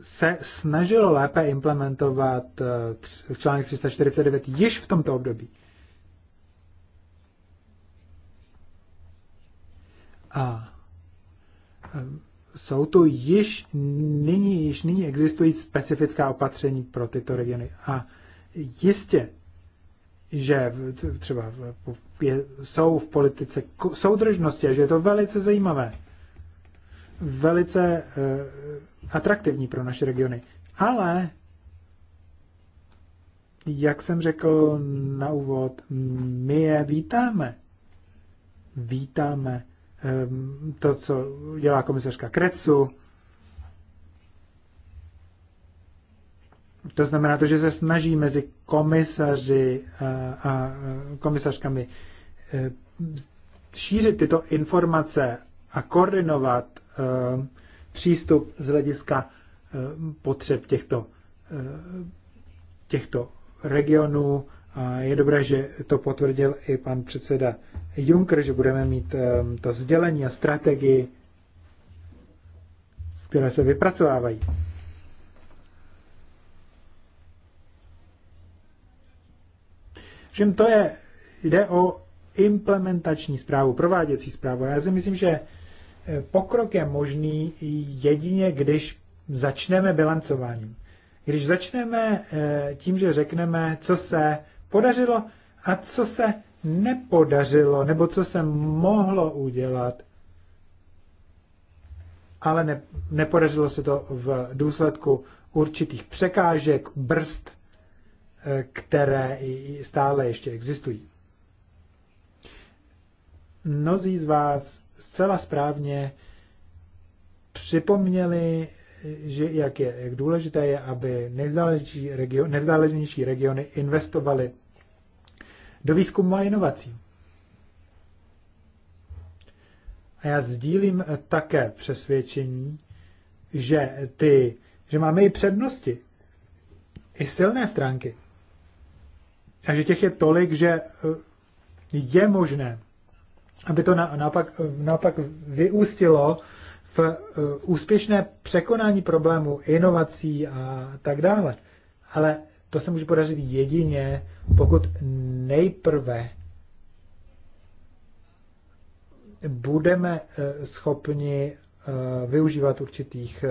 se snažilo lépe implementovat eh, článek 349 již v tomto období. A eh, jsou tu již nyní, již nyní existují specifická opatření pro tyto regiony. A jistě, že třeba jsou v politice soudržnosti a že je to velice zajímavé velice eh, atraktivní pro naše regiony. Ale, jak jsem řekl na úvod, my je vítáme. Vítáme ehm, to, co dělá komisařka Krecu. To znamená to, že se snaží mezi komisaři eh, a eh, komisařkami šířit tyto informace a koordinovat Eh, přístup z hlediska eh, potřeb těchto, eh, těchto regionů. A je dobré, že to potvrdil i pan předseda Juncker, že budeme mít to sdělení a strategii, které se vypracovávají. Všem to je, jde o implementační zprávu, prováděcí zprávu. Já si myslím, že pokrok je možný jedině, když začneme bilancováním. Když začneme eh, tím, že řekneme, co se podařilo a co se nepodařilo, nebo co se mohlo udělat, ale ne, nepodařilo se to v důsledku určitých překážek, brzd, eh, které stále ještě existují. Mnozí z vás zcela správně připomněli, že jak, je, jak důležité je, aby region, nejvzdálenější regiony investovaly do výzkumu a inovací. A já sdílím také přesvědčení, že, ty, že máme i přednosti, i silné stránky. A že těch je tolik, že eh, je možné aby to naopak, naopak vyústilo v eh, úspěšné překonání problémů inovací a tak dále. Ale to se může podařit jedině, pokud nejprve budeme eh, schopni eh, využívat určitých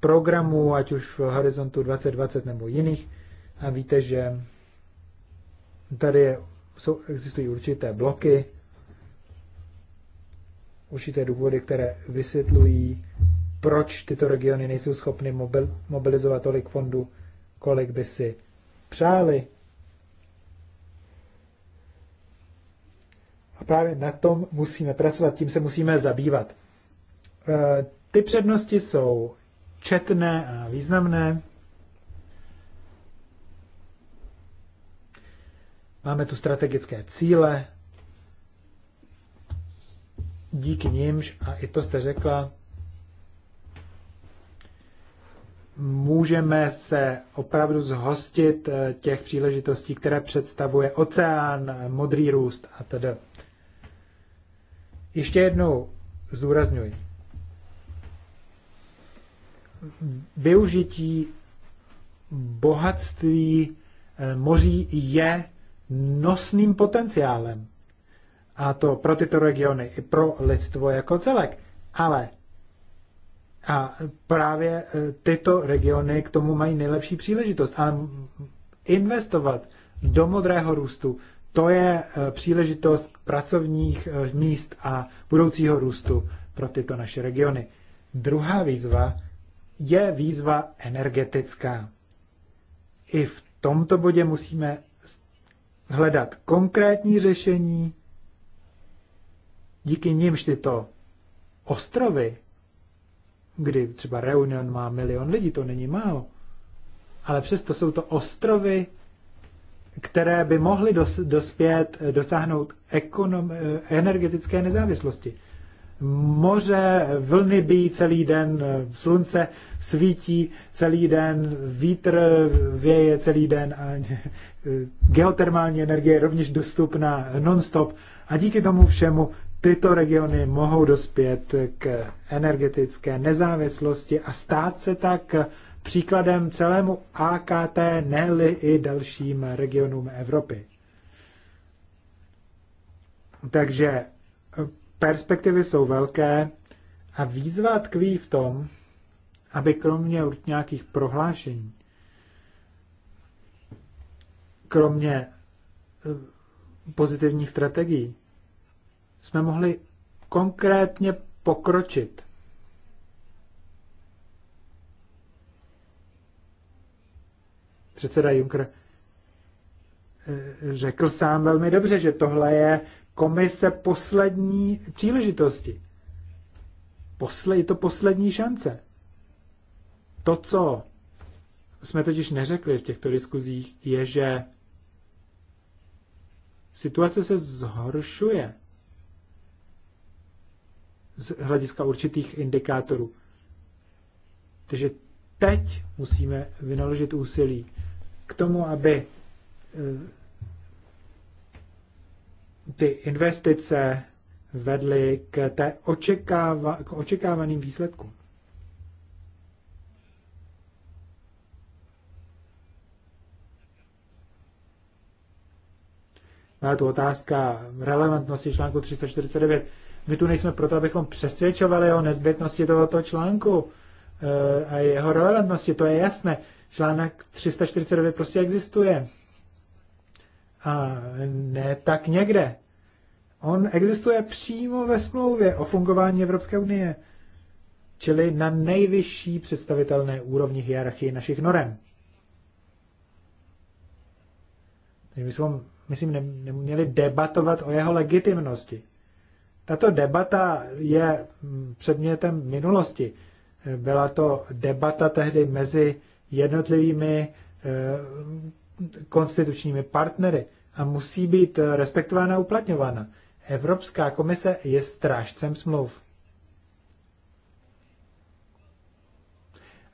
programů, ať už v Horizontu 2020 nebo jiných. A víte, že tady jsou, existují určité bloky, určité důvody, které vysvětlují, proč tyto regiony nejsou schopny mobil, mobilizovat tolik fondů, kolik by si přáli. A právě na tom musíme pracovat, tím se musíme zabývat. E, ty přednosti jsou četné a významné. Máme tu strategické cíle, díky nímž, a i to jste řekla, můžeme se opravdu zhostit eh, těch příležitostí, které představuje oceán, eh, modrý růst a tedy. Ještě jednou zdůraznuju. Využití bohatství eh, moří je nosným potenciálem. A to pro tyto regiony i pro lidstvo jako celek. Ale a právě e, tyto regiony k tomu mají nejlepší příležitost. a investovat do modrého růstu, to je e, příležitost pracovních e, míst a budoucího růstu pro tyto naše regiony. Druhá výzva je výzva energetická. I v tomto bodě musíme hledat konkrétní řešení díky nimž tyto ostrovy, kdy třeba Reunion má milion lidí, to není málo, ale přesto jsou to ostrovy, které by mohly dos, dospět, dosáhnout ekonom, energetické nezávislosti. Moře, vlny bíjí celý den, slunce svítí celý den, vítr věje celý den a geotermální energie je rovněž dostupná non-stop. A díky tomu všemu tyto regiony mohou dospět k energetické nezávislosti a stát se tak příkladem celému AKT, ne i dalším regionům Evropy. Takže perspektivy jsou velké a výzva tkví v tom, aby kromě nějakých prohlášení, kromě pozitivních strategií, jsme mohli konkrétně pokročit. Předseda Juncker eh, řekl sám velmi dobře, že tohle je komise poslední příležitosti. Posle, je to poslední šance. To, co jsme totiž neřekli v těchto diskuzích, je, že situace se zhoršuje z hlediska určitých indikátorů. Takže teď musíme vynaložit úsilí k tomu, aby eh, ty investice vedly k, té očekáva, k očekávaným výsledkům. Má tu otázka relevantnosti článku 349. My tu nejsme proto, abychom přesvědčovali o nezbytnosti tohoto článku eh, a jeho relevantnosti, to je jasné. Článek 349 prostě existuje. A ne tak někde. On existuje přímo ve smlouvě o fungování Evropské unie, čili na nejvyšší představitelné úrovni hierarchie našich norem. Takže bychom, myslím, neměli debatovat o jeho legitimnosti. Tato debata je předmětem minulosti. Byla to debata tehdy mezi jednotlivými eh, konstitučními partnery a musí být respektována a uplatňována. Evropská komise je strážcem smluv.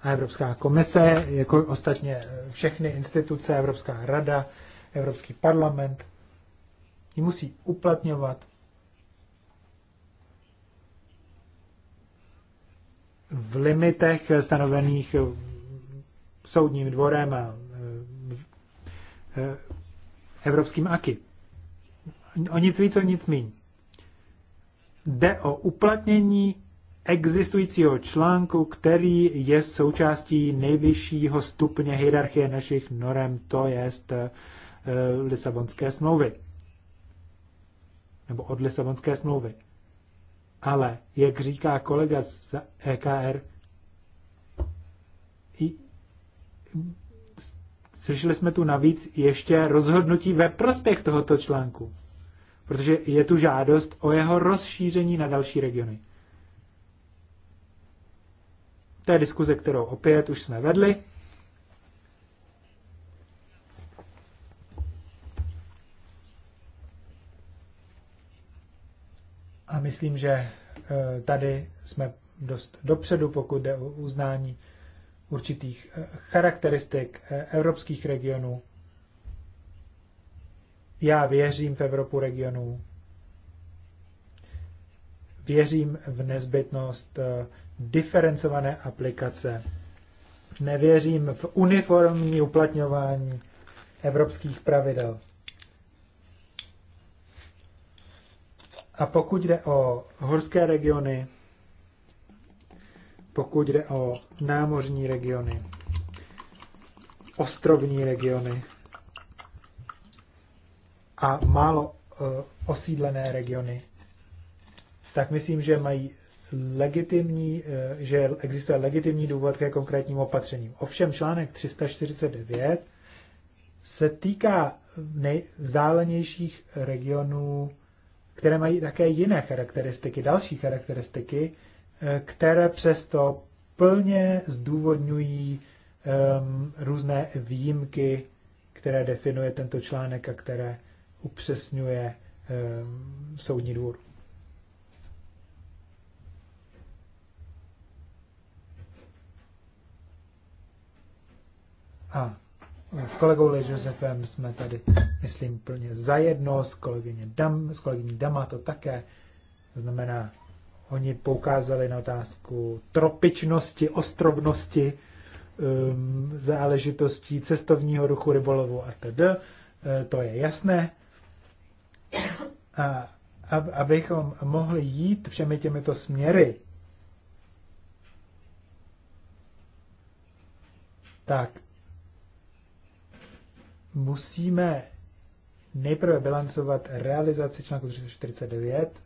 A Evropská komise, jako ostatně všechny instituce, Evropská rada, Evropský parlament, ji musí uplatňovat v limitech stanovených soudním dvorem a e, e, evropským AKI. O nic víc, o nic míň. Jde o uplatnění existujícího článku, který je součástí nejvyššího stupně hierarchie našich norem, to jest e, Lisabonské smlouvy. Nebo od Lisabonské smlouvy. Ale, jak říká kolega z EKR, slyšeli jsme tu navíc ještě rozhodnutí ve prospěch tohoto článku, protože je tu žádost o jeho rozšíření na další regiony. To je diskuze, kterou opět už jsme vedli myslím, že eh, tady jsme dost dopředu, pokud jde o uznání určitých eh, charakteristik eh, evropských regionů. Já věřím v Evropu regionů. Věřím v nezbytnost diferencované aplikace. Nevěřím v uniformní uplatňování evropských pravidel. A pokud jde o horské regiony, pokud jde o námořní regiony, ostrovní regiony a málo eh, osídlené regiony, tak myslím, že mají legitimní, eh, že existuje legitimní důvod ke konkrétním opatřením. Ovšem článek 349 se týká nejvzdálenějších regionů které mají také jiné charakteristiky, další charakteristiky, eh, které přesto plně zdůvodňují um, různé výjimky, které definuje tento článek a které upřesňuje um, soudní dvůr. A s kolegou Ležosefem jsme tady, myslím, plně zajedno, s, kolegyně Dam, s kolegyní Dama to také. To znamená, oni poukázali na otázku tropičnosti, ostrovnosti, um, záležitostí cestovního ruchu, rybolovu a td. E, to je jasné. A ab, abychom mohli jít všemi těmito směry, tak musíme nejprve bilancovat realizaci článku 349.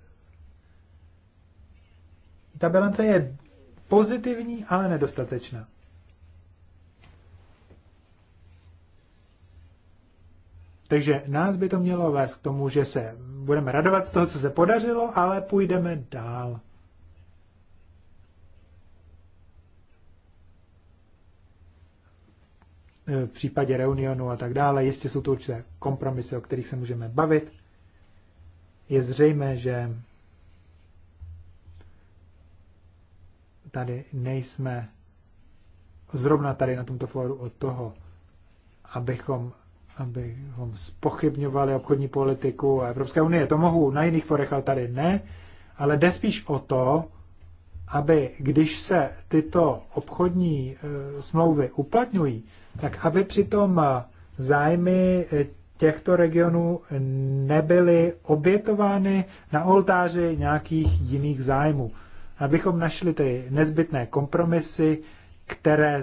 Ta bilance je pozitivní, ale nedostatečná. Takže nás by to mělo vést k tomu, že se budeme radovat z toho, co se podařilo, ale půjdeme dál. E, v případě reunionu a tak dále. Jistě jsou to určité kompromisy, o kterých se můžeme bavit. Je zřejmé, že tady nejsme zrovna tady na tomto fóru od toho, abychom, abychom spochybňovali obchodní politiku a Evropské unie. To mohu na jiných forech, ale tady ne. Ale jde spíš o to, aby když se tyto obchodní eh, smlouvy uplatňují, tak aby přitom eh, zájmy eh, těchto regionů nebyly obětovány na oltáři nějakých jiných zájmů. Abychom našli ty nezbytné kompromisy, které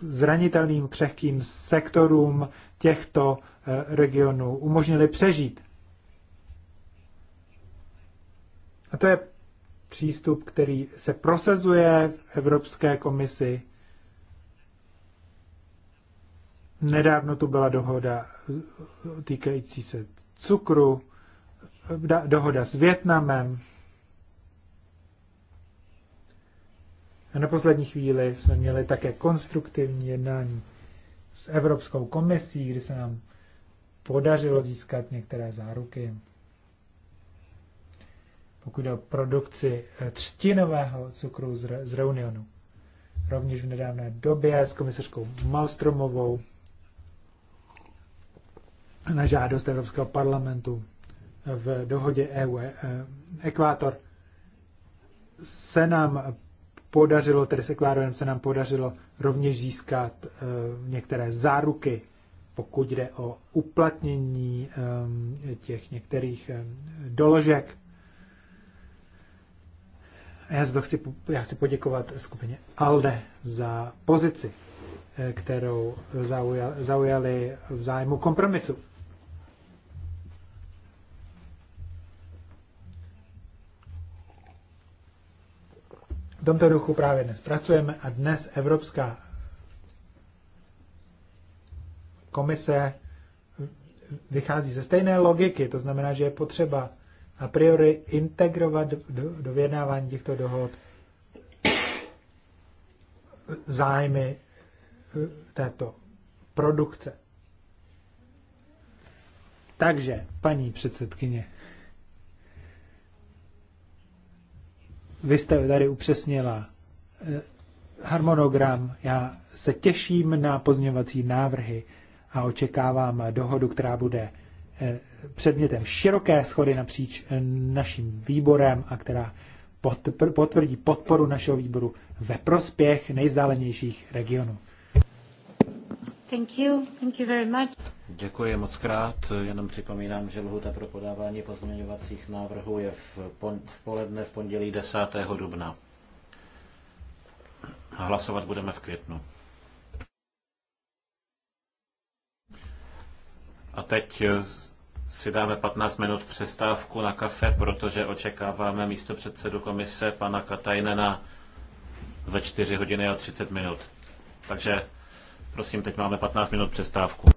zranitelným křehkým sektorům těchto regionů umožnili přežít. A to je přístup, který se prosazuje v Evropské komisi. Nedávno tu byla dohoda týkající se cukru, dohoda s Větnamem. A na poslední chvíli jsme měli také konstruktivní jednání s Evropskou komisí, kdy se nám podařilo získat některé záruky pokud jde o produkci eh, třtinového cukru z, z Reunionu. Rovněž v nedávné době s komisařkou Malstromovou na žádost Evropského parlamentu eh, v dohodě EU eh, Ekvátor se nám podařilo, tedy s Ekvádorem se nám podařilo rovněž získat některé záruky, pokud jde o uplatnění ehm, těch některých ehm, doložek a já, chci, já chci poděkovat skupině ALDE za pozici, eh, kterou zaujali v zájmu kompromisu. V tomto duchu právě dnes pracujeme a dnes Evropská komise vychází ze stejné logiky, to znamená, že je potřeba a priori integrovat do, do, vyjednávání těchto dohod zájmy eh, této produkce. Takže, paní předsedkyně, vy jste tady upřesnila eh, harmonogram. Já se těším na pozměňovací návrhy a očekávám dohodu, která bude eh, předmětem široké schody napříč eh, naším výborem a která potvrdí podporu našeho výboru ve prospěch nejzdálenějších regionů. Thank you. Thank you very much. Děkuji moc krát. Jenom připomínám, že lhuta pro podávání pozměňovacích návrhů je v, pon- v poledne v pondělí 10. dubna. A hlasovat budeme v květnu. A teď eh, si dáme 15 minut přestávku na kafe, protože očekáváme místo předsedu komise pana Katajnena ve 4 hodiny a 30 minut. Takže prosím, teď máme 15 minut přestávku.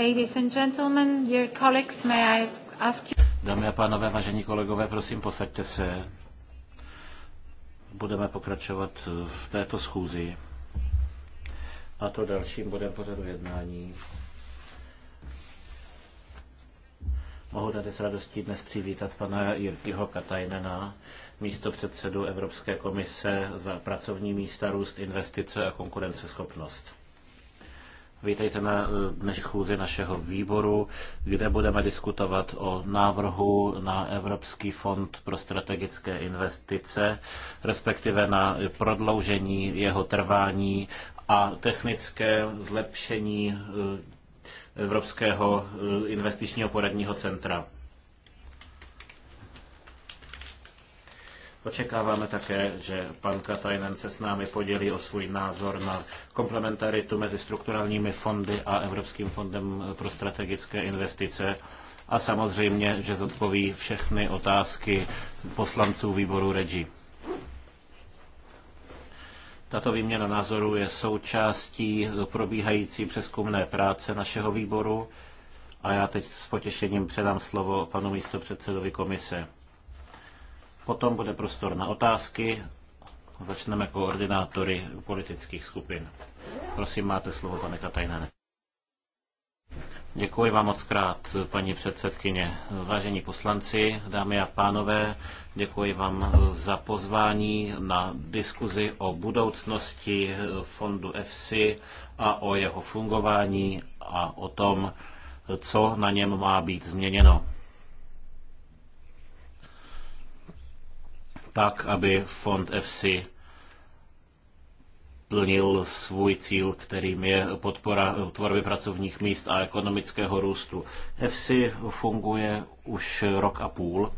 Ladies and gentlemen, dear colleagues, may I ask you... Dámy a pánové, vážení kolegové, prosím, posaďte se. Budeme pokračovat v této schůzi. A to dalším bodem pořadu jednání. Mohu tady s radostí dnes přivítat pana Jirkyho Katajnena, místo předsedu Evropské komise za pracovní místa, růst, investice a konkurenceschopnost. Vítejte na eh, dnešní schůzi našeho výboru, kde budeme diskutovat o návrhu na Evropský fond pro strategické investice, respektive na prodloužení jeho trvání a technické zlepšení eh, Evropského eh, investičního poradního centra. Očekáváme také, že pan Katajnen se s námi podělí o svůj názor na komplementaritu mezi strukturálními fondy a Evropským fondem pro strategické investice a samozřejmě, že zodpoví všechny otázky poslanců výboru REGI. Tato výměna názorů je součástí probíhající přeskumné práce našeho výboru a já teď s potěšením předám slovo panu místopředsedovi komise. Potom bude prostor na otázky. Začneme koordinátory politických skupin. Prosím, máte slovo, pane Katajnene. Děkuji vám moc krát, paní předsedkyně. Vážení poslanci, dámy a pánové, děkuji vám za pozvání na diskuzi o budoucnosti fondu EFSI a o jeho fungování a o tom, co na něm má být změněno. tak, aby fond EFSI plnil svůj cíl, kterým je podpora tvorby pracovních míst a ekonomického růstu. EFSI funguje už rok a půl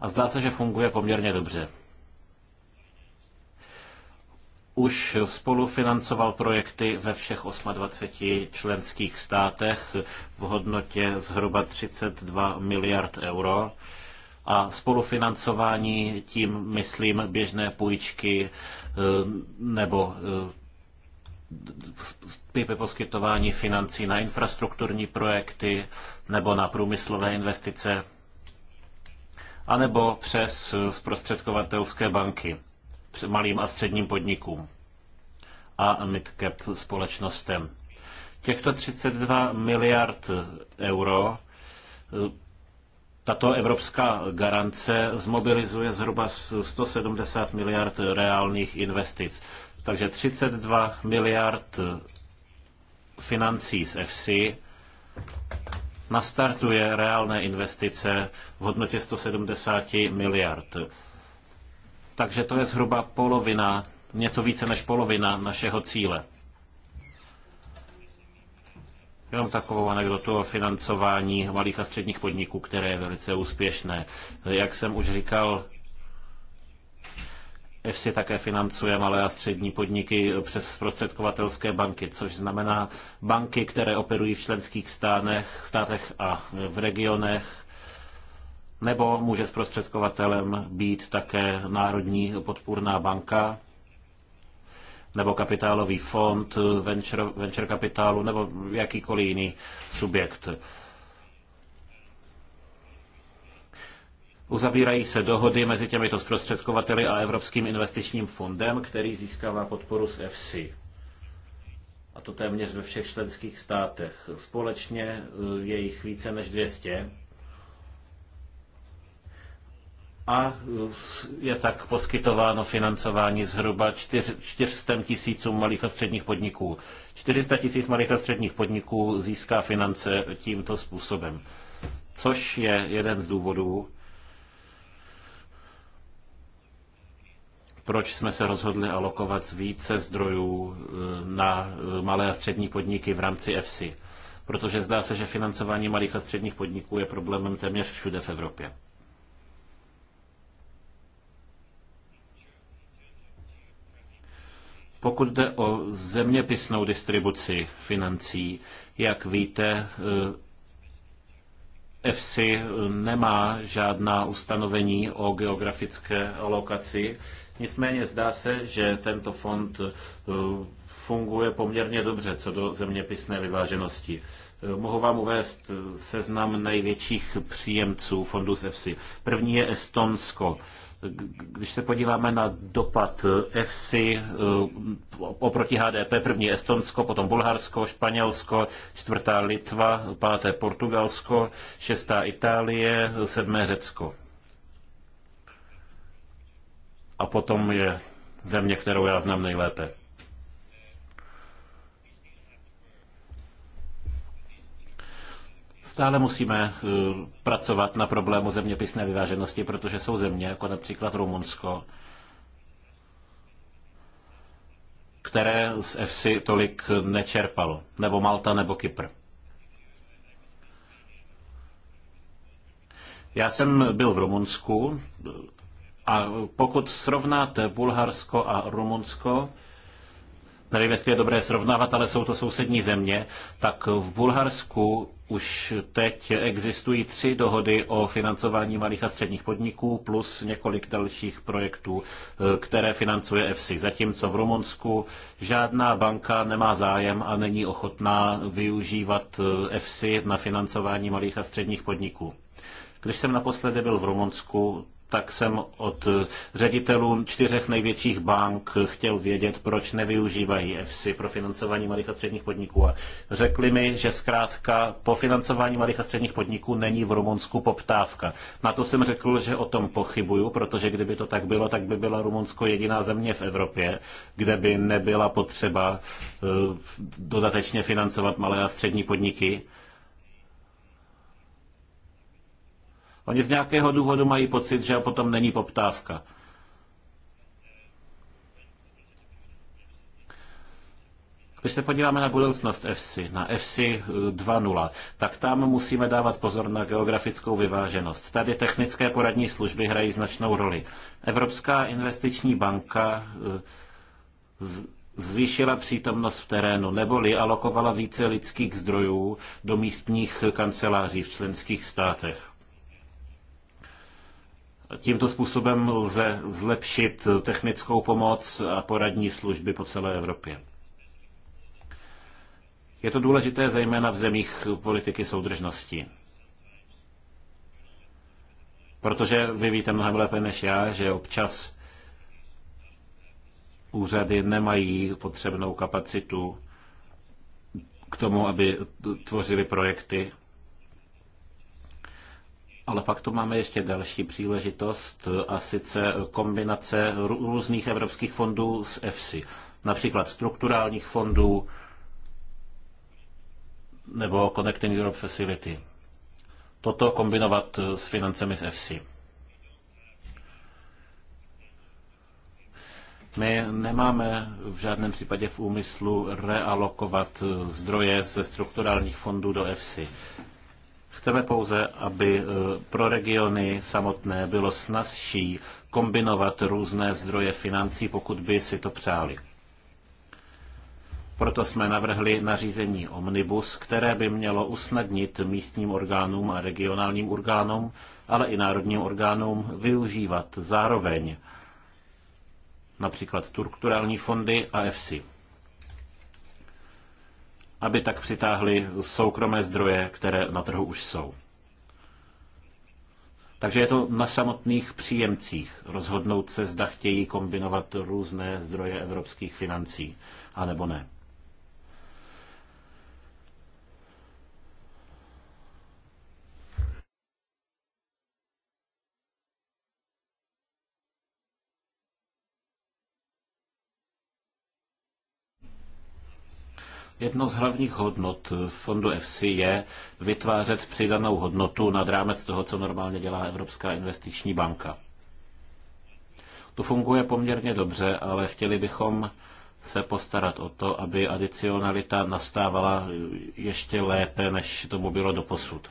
a zdá se, že funguje poměrně dobře už spolufinancoval projekty ve všech 28 členských státech v hodnotě zhruba 32 miliard euro. A spolufinancování tím myslím běžné půjčky eh, nebo eh, poskytování financí na infrastrukturní projekty nebo na průmyslové investice, anebo přes eh, zprostředkovatelské banky malým a středním podnikům a midcap společnostem. Těchto 32 miliard euro eh, tato evropská garance zmobilizuje zhruba 170 miliard reálných investic. Takže 32 miliard eh, financí z EFSI nastartuje reálné investice v hodnotě 170 miliard. Takže to je zhruba polovina, něco více než polovina našeho cíle. Jenom takovou anekdotu o financování malých a středních podniků, které je velice úspěšné. Jak jsem už říkal, EFSI také financuje malé a střední podniky přes prostředkovatelské banky, což znamená banky, které operují v členských stánech, státech a v regionech nebo může zprostředkovatelem být také Národní podpůrná banka, nebo kapitálový fond, venture, venture kapitálu, nebo jakýkoliv jiný subjekt. Uzavírají se dohody mezi těmito zprostředkovateli a Evropským investičním fondem, který získává podporu z EFSI. A to téměř ve všech členských státech. Společně eh, je jich více než 200 a je tak poskytováno financování zhruba 400 tisícům malých a středních podniků. 400 tisíc malých a středních podniků získá finance tímto způsobem, což je jeden z důvodů, proč jsme se rozhodli alokovat více zdrojů eh, na eh, malé a střední podniky v rámci EFSI. Protože zdá se, že financování malých a středních podniků je problémem téměř všude v Evropě. Pokud jde o zeměpisnou distribuci financí, jak víte, EFSI eh, nemá žádná ustanovení o geografické lokaci, nicméně zdá se, že tento fond eh, funguje poměrně dobře co do zeměpisné vyváženosti. Mohu vám uvést seznam největších příjemců fondu z EFSI. První je Estonsko. Když se podíváme na dopad EFSI eh, oproti HDP, první je Estonsko, potom Bulharsko, Španělsko, čtvrtá Litva, páté Portugalsko, šestá Itálie, sedmé Řecko. A potom je země, kterou já znám nejlépe. Stále musíme eh, pracovat na problému zeměpisné vyváženosti, protože jsou země, jako například Rumunsko, které z EFSI tolik nečerpalo, nebo Malta, nebo Kypr. Já jsem byl v Rumunsku eh, a pokud srovnáte Bulharsko a Rumunsko, nevím, jestli je dobré srovnávat, ale jsou to sousední země, tak v Bulharsku už teď existují tři dohody o financování malých a středních podniků plus několik dalších projektů, eh, které financuje EFSI. Zatímco v Rumunsku žádná banka nemá zájem a není ochotná využívat EFSI eh, na financování malých a středních podniků. Když jsem naposledy byl v Rumunsku, tak jsem od ředitelů čtyřech největších bank chtěl vědět, proč nevyužívají EFSI pro financování malých a středních podniků. A řekli mi, že zkrátka po financování malých a středních podniků není v Rumunsku poptávka. Na to jsem řekl, že o tom pochybuju, protože kdyby to tak bylo, tak by byla Rumunsko jediná země v Evropě, kde by nebyla potřeba eh, dodatečně financovat malé a střední podniky. Oni z nějakého důvodu mají pocit, že potom není poptávka. Když se podíváme na budoucnost FC, na FC 2.0, tak tam musíme dávat pozor na geografickou vyváženost. Tady technické poradní služby hrají značnou roli. Evropská investiční banka eh, zvýšila přítomnost v terénu, neboli alokovala více lidských zdrojů do místních kanceláří v členských státech. Tímto způsobem lze zlepšit technickou pomoc a poradní služby po celé Evropě. Je to důležité zejména v zemích politiky soudržnosti. Protože vy víte mnohem lépe než já, že občas úřady nemají potřebnou kapacitu k tomu, aby tvořili projekty. Ale pak tu máme ještě další příležitost, a sice kombinace různých evropských fondů s EFSI, například strukturálních fondů nebo Connecting Europe Facility. Toto kombinovat s financemi z EFSI. My nemáme v žádném případě v úmyslu realokovat zdroje ze strukturálních fondů do EFSI. Chceme pouze, aby e, pro regiony samotné bylo snazší kombinovat různé zdroje financí, pokud by si to přáli. Proto jsme navrhli nařízení Omnibus, které by mělo usnadnit místním orgánům a regionálním orgánům, ale i národním orgánům využívat zároveň například strukturální fondy a EFSI aby tak přitáhli soukromé zdroje, které na trhu už jsou. Takže je to na samotných příjemcích rozhodnout se, zda chtějí kombinovat různé zdroje evropských financí, anebo ne. Jednou z hlavních hodnot fondu FC je vytvářet přidanou hodnotu nad rámec toho, co normálně dělá Evropská investiční banka. To funguje poměrně dobře, ale chtěli bychom se postarat o to, aby adicionalita nastávala ještě lépe, než tomu bylo doposud.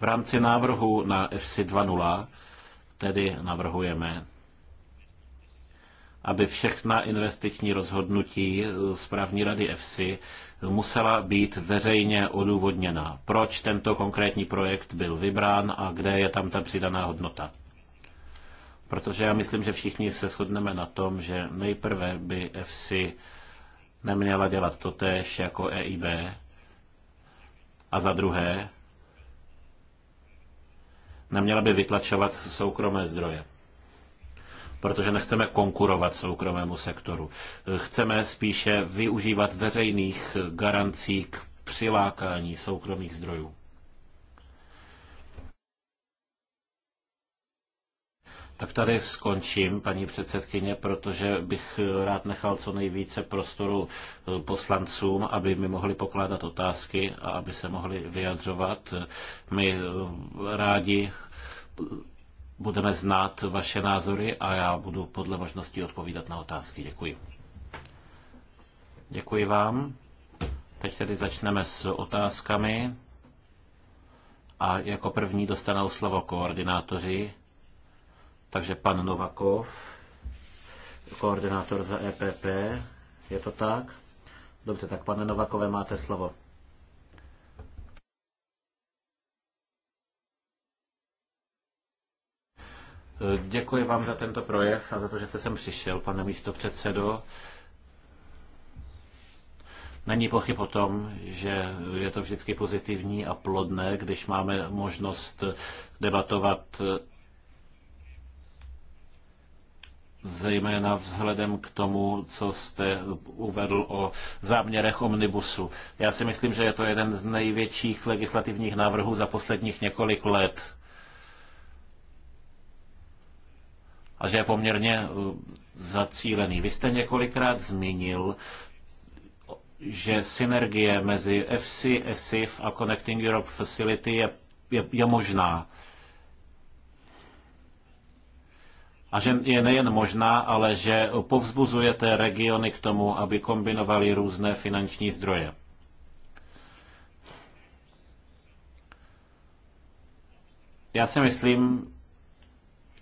V rámci návrhu na FC 2.0 tedy navrhujeme aby všechna investiční rozhodnutí eh, správní rady EFSI musela být veřejně odůvodněna. Proč tento konkrétní projekt byl vybrán a kde je tam ta přidaná hodnota? Protože já myslím, že všichni se shodneme na tom, že nejprve by EFSI neměla dělat totéž jako EIB a za druhé neměla by vytlačovat soukromé zdroje protože nechceme konkurovat soukromému sektoru. Chceme spíše využívat veřejných garancí k přilákání soukromých zdrojů. Tak tady skončím, paní předsedkyně, protože bych rád nechal co nejvíce prostoru eh, poslancům, aby mi mohli pokládat otázky a aby se mohli vyjadřovat. My eh, rádi budeme znát vaše názory a já budu podle možností odpovídat na otázky. Děkuji. Děkuji vám. Teď tedy začneme s otázkami. A jako první dostanou slovo koordinátoři. Takže pan Novakov, koordinátor za EPP, je to tak? Dobře, tak pane Novakové, máte slovo. Děkuji vám za tento projev a za to, že jste sem přišel, pane místo předsedo. Není pochyb o tom, že je to vždycky pozitivní a plodné, když máme možnost debatovat zejména vzhledem k tomu, co jste uvedl o záměrech omnibusu. Já si myslím, že je to jeden z největších legislativních návrhů za posledních několik let a že je poměrně uh, zacílený. Vy jste několikrát zmínil, že synergie mezi FC, ESIF a Connecting Europe Facility je, je, je možná. A že je nejen možná, ale že povzbuzujete regiony k tomu, aby kombinovali různé finanční zdroje. Já si myslím,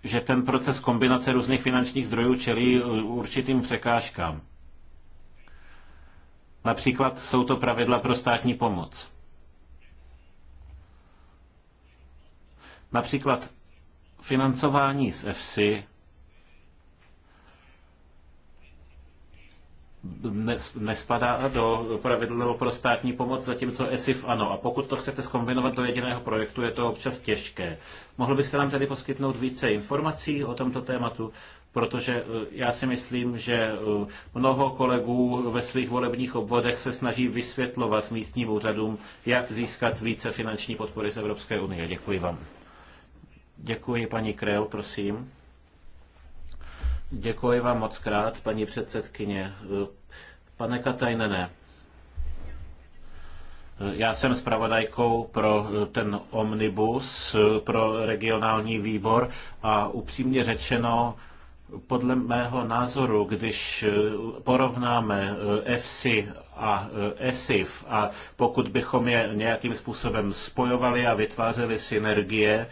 že ten proces kombinace různých finančních zdrojů čelí uh, určitým překážkám. Například jsou to pravidla pro státní pomoc. Například financování z EFSI nespadá do pravidel pro státní pomoc, zatímco ESIF ano. A pokud to chcete skombinovat do jediného projektu, je to občas těžké. Mohl byste nám tedy poskytnout více informací o tomto tématu? protože eh, já si myslím, že eh, mnoho kolegů ve svých volebních obvodech se snaží vysvětlovat místním úřadům, jak získat více finanční podpory z Evropské unie. Děkuji vám. Děkuji paní Krel, prosím. Děkuji vám moc krát, paní předsedkyně. Pane Katajnene, já jsem zpravodajkou pro ten omnibus, pro regionální výbor a upřímně řečeno, podle mého názoru, když porovnáme EFSI a ESIF a pokud bychom je nějakým způsobem spojovali a vytvářeli synergie,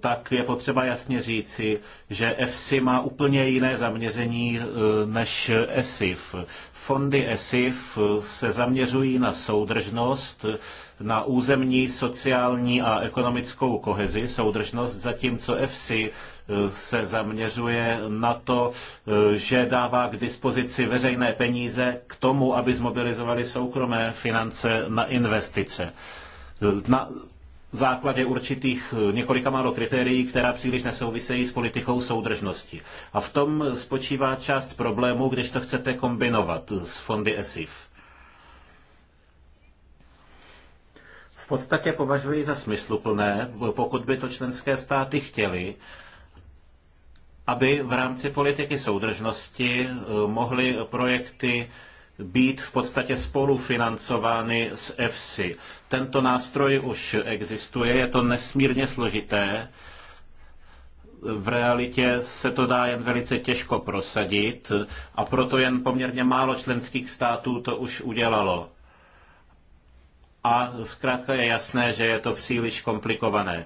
tak je potřeba jasně říci, že EFSI má úplně jiné zaměření e, než ESIF. Fondy ESIF e, se zaměřují na soudržnost, na územní, sociální a ekonomickou kohezi, soudržnost, zatímco EFSI e, se zaměřuje na to, že dává k dispozici veřejné peníze k tomu, aby zmobilizovali soukromé finance na investice. Na, základě určitých eh, několika málo kritérií, která příliš nesouvisejí s politikou soudržnosti. A v tom spočívá část problému, když to chcete kombinovat s fondy ESIF. V podstatě považuji za smysluplné, pokud by to členské státy chtěly, aby v rámci politiky soudržnosti eh, mohly projekty být v podstatě spolufinancovány z EFSI. Tento nástroj už existuje, je to nesmírně složité. V realitě se to dá jen velice těžko prosadit a proto jen poměrně málo členských států to už udělalo a zkrátka je jasné, že je to příliš komplikované.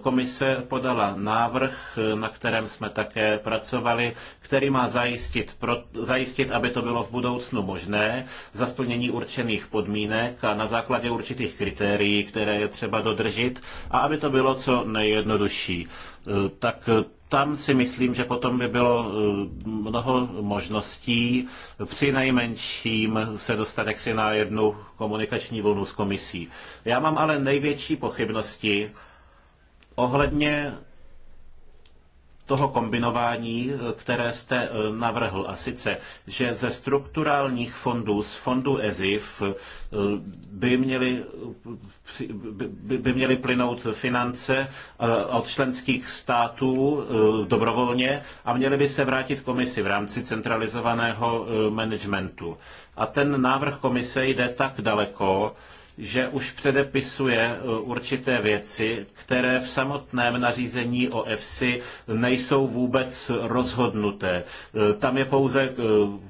Komise podala návrh, na kterém jsme také pracovali, který má zajistit, pro, zajistit, aby to bylo v budoucnu možné, za splnění určených podmínek a na základě určitých kritérií, které je třeba dodržet, a aby to bylo co nejjednodušší. Tak tam si myslím, že potom by bylo eh, mnoho možností při nejmenším se dostat jaksi na jednu komunikační vlnu s komisí. Já mám ale největší pochybnosti ohledně toho kombinování, eh, které jste eh, navrhl. A sice, že ze strukturálních fondů, z fondu EZIF, eh, by měly, by měly plynout finance od členských států dobrovolně a měly by se vrátit komisi v rámci centralizovaného managementu. A ten návrh komise jde tak daleko, že už předepisuje eh, určité věci, které v samotném nařízení o EFSI nejsou vůbec rozhodnuté. Eh, tam je pouze eh,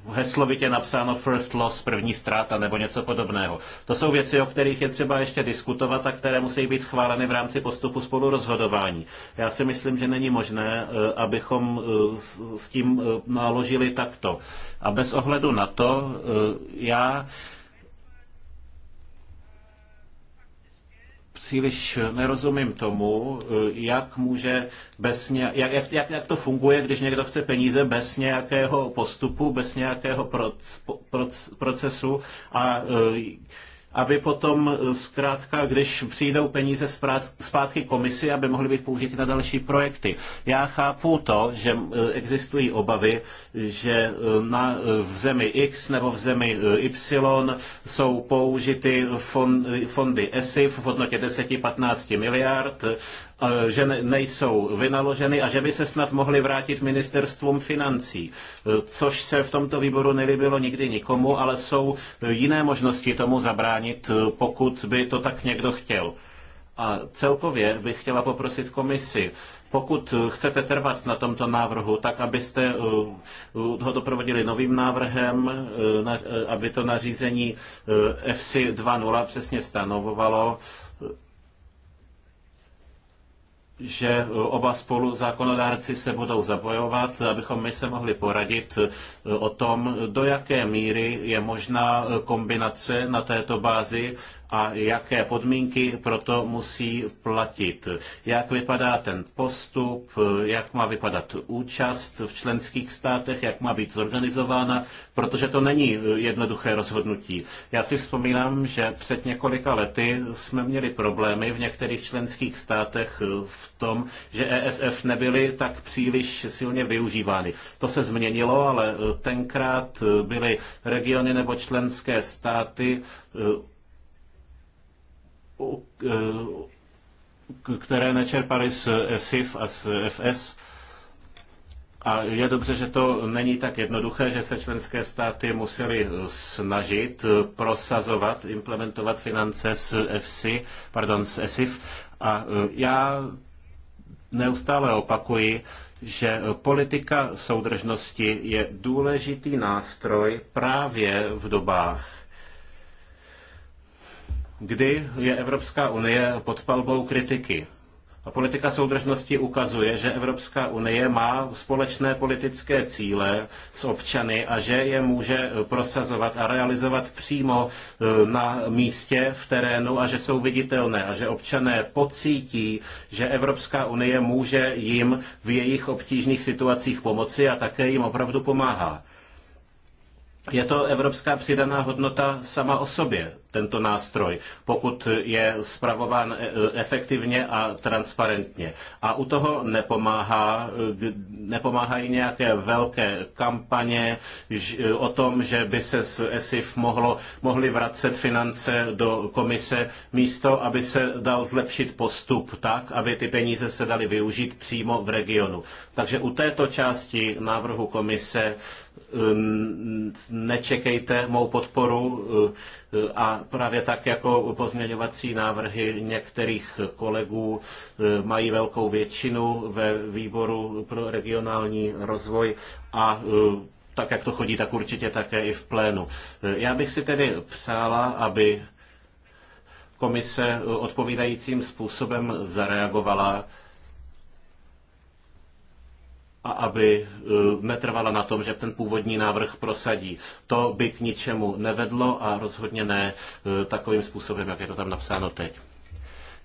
heslovitě napsáno first loss, první ztráta nebo něco podobného. To jsou věci, o kterých je třeba ještě diskutovat a které musí být schváleny v rámci postupu spolurozhodování. Já si myslím, že není možné, abychom s tím naložili takto. A bez ohledu na to, já příliš nerozumím tomu, eh, jak může bez ně, jak, jak, jak, jak to funguje, když někdo chce peníze bez nějakého postupu, bez nějakého proc, proc, procesu a eh, aby potom eh, zkrátka, když přijdou peníze zpátky komisi, aby mohly být použity na další projekty. Já chápu to, že eh, existují obavy, že eh, na, v zemi X nebo v zemi Y jsou použity fondy ESIF v hodnotě 10-15 miliard že nejsou vynaloženy a že by se snad mohly vrátit ministerstvům financí, e, což se v tomto výboru nelíbilo nikdy nikomu, ale jsou jiné možnosti tomu zabránit, e, pokud by to tak někdo chtěl. A celkově bych chtěla poprosit komisi, pokud chcete trvat na tomto návrhu, tak abyste e, ho doprovodili novým návrhem, aby to nařízení FC 2.0 přesně stanovovalo, že eh, oba spolu zákonodárci se budou zabojovat, abychom my se mohli poradit eh, o tom, do jaké míry je možná eh, kombinace na této bázi a jaké podmínky proto musí platit. Jak vypadá ten postup, jak má vypadat účast v členských státech, jak má být zorganizována, protože to není jednoduché rozhodnutí. Já si vzpomínám, že před několika lety jsme měli problémy v některých členských státech v tom, že ESF nebyly tak příliš silně využívány. To se změnilo, ale tenkrát byly regiony nebo členské státy které nečerpaly z eh, SIF a z eh, FS. A je dobře, že to není tak jednoduché, že se členské státy musely eh, snažit prosazovat, implementovat finance z FC, pardon, z ESIF. A já neustále opakuji, že politika soudržnosti je důležitý nástroj právě v dobách, Kdy je Evropská unie pod palbou kritiky? A politika soudržnosti ukazuje, že Evropská unie má společné politické cíle s občany a že je může prosazovat a realizovat přímo eh, na místě v terénu a že jsou viditelné a že občané pocítí, že Evropská unie může jim v jejich obtížných situacích pomoci a také jim opravdu pomáhá. Je to evropská přidaná hodnota sama o sobě tento nástroj, pokud je spravován eh, efektivně a transparentně. A u toho nepomáhá, eh, nepomáhají nějaké velké kampaně eh, o tom, že by se z ESIF mohlo, mohly vracet finance do komise, místo, aby se dal zlepšit postup tak, aby ty peníze se daly využít přímo v regionu. Takže u této části návrhu komise ehm, nečekejte mou podporu a právě tak jako pozměňovací návrhy některých kolegů eh, mají velkou většinu ve výboru pro regionální rozvoj a eh, tak, jak to chodí, tak určitě také i v plénu. Eh, já bych si tedy přála, aby komise odpovídajícím způsobem zareagovala a aby eh, netrvala na tom, že ten původní návrh prosadí. To by k ničemu nevedlo a rozhodně ne eh, takovým způsobem, jak je to tam napsáno teď.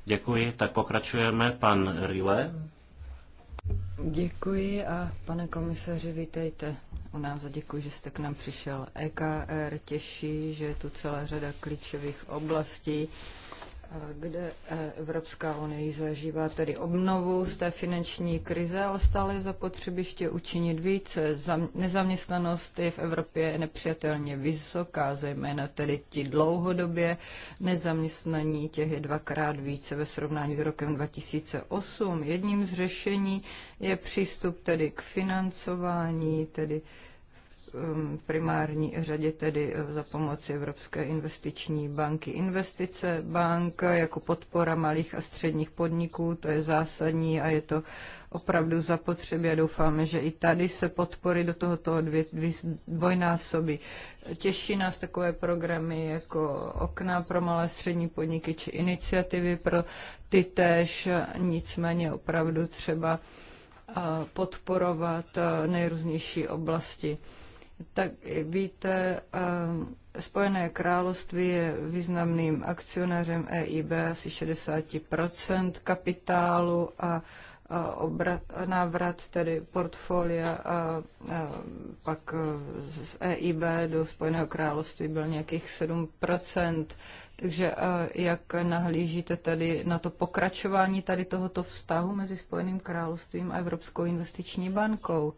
Děkuji, tak pokračujeme. Pan Rile. Děkuji a pane komisaři, vítejte u nás a děkuji, že jste k nám přišel. EKR těší, že je tu celá řada klíčových oblastí, kde Evropská unie zažívá tedy obnovu z té finanční krize, ale stále je zapotřebí ještě učinit více. nezaměstnanost je v Evropě nepřijatelně vysoká, zejména tedy ti dlouhodobě nezaměstnaní, těch je dvakrát více ve srovnání s rokem 2008. Jedním z řešení je přístup tedy k financování, tedy v um, primární řadě tedy eh, za pomoci Evropské investiční banky. Investice banka jako podpora malých a středních podniků, to je zásadní a je to opravdu zapotřebí a doufáme, že i tady se podpory do tohoto odvětví dvojnásobí. Těší nás takové programy jako okna pro malé střední podniky či iniciativy pro ty též, nicméně opravdu třeba eh, podporovat eh, nejrůznější oblasti tak víte, eh, Spojené království je významným akcionářem EIB asi 60 kapitálu a obrat, návrat tedy portfolia a, a pak z EIB do Spojeného království byl nějakých 7%. Takže jak nahlížíte tady na to pokračování tady tohoto vztahu mezi Spojeným královstvím a Evropskou investiční bankou?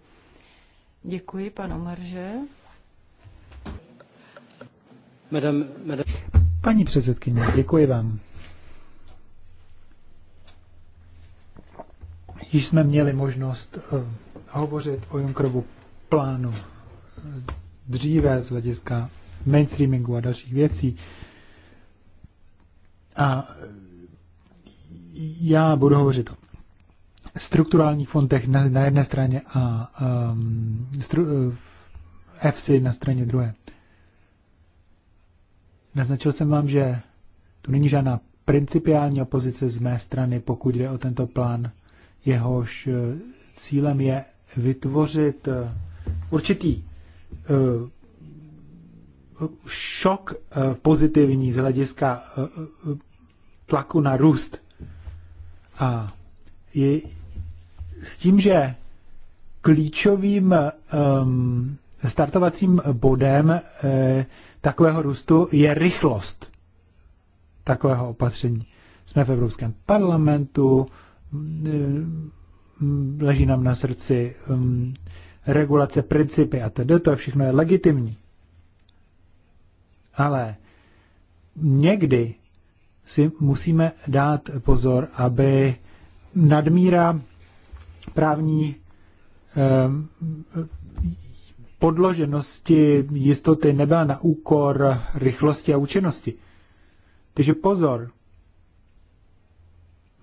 Děkuji, pan Omarže. Paní předsedkyně, děkuji vám. Již jsme měli možnost eh, hovořit o Junkrovu plánu eh, dříve z hlediska mainstreamingu a dalších věcí. A já budu hovořit o strukturálních fondech na, na jedné straně a um, stru, eh, na straně druhé. Naznačil jsem vám, že tu není žádná principiální opozice z mé strany, pokud jde o tento plán. Jehož eh, cílem je vytvořit eh, určitý šok pozitivní z hlediska tlaku na růst. A je s tím, že klíčovým um, startovacím bodem uh, takového růstu je rychlost takového opatření. Jsme v Evropském parlamentu, mm, mm, leží nám na srdci um, regulace, principy a tedy to všechno je legitimní. Ale někdy si musíme dát pozor, aby nadmíra právní eh, podloženosti jistoty nebyla na úkor rychlosti a účinnosti. Takže pozor,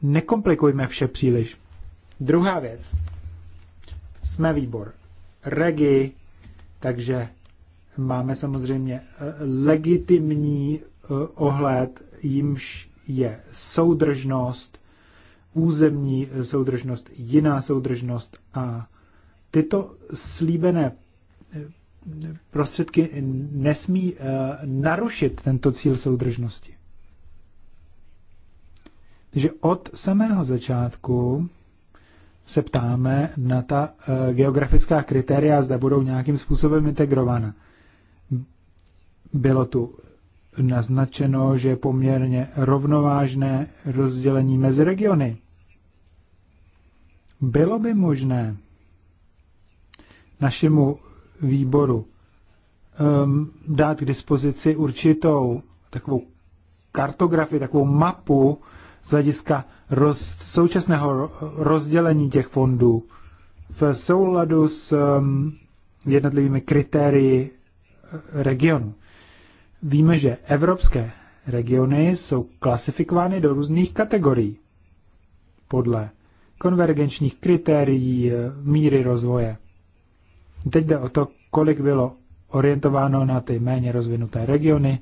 nekomplikujme vše příliš. Druhá věc. Jsme výbor. Regi, takže máme samozřejmě eh, legitimní eh, ohled, jimž je soudržnost územní soudržnost, jiná soudržnost a tyto slíbené eh, prostředky nesmí eh, narušit tento cíl soudržnosti. Takže od samého začátku se ptáme na ta eh, geografická kritéria, zda budou nějakým způsobem integrována. Bylo tu naznačeno, že je poměrně rovnovážné rozdělení mezi regiony. Bylo by možné našemu výboru um, dát k dispozici určitou takovou kartografii, takovou mapu z hlediska roz, současného rozdělení těch fondů v souladu s um, jednotlivými kritérii eh, regionu. Víme, že evropské regiony jsou klasifikovány do různých kategorií podle konvergenčních kritérií eh, míry rozvoje. Teď jde o to, kolik bylo orientováno na ty méně rozvinuté regiony,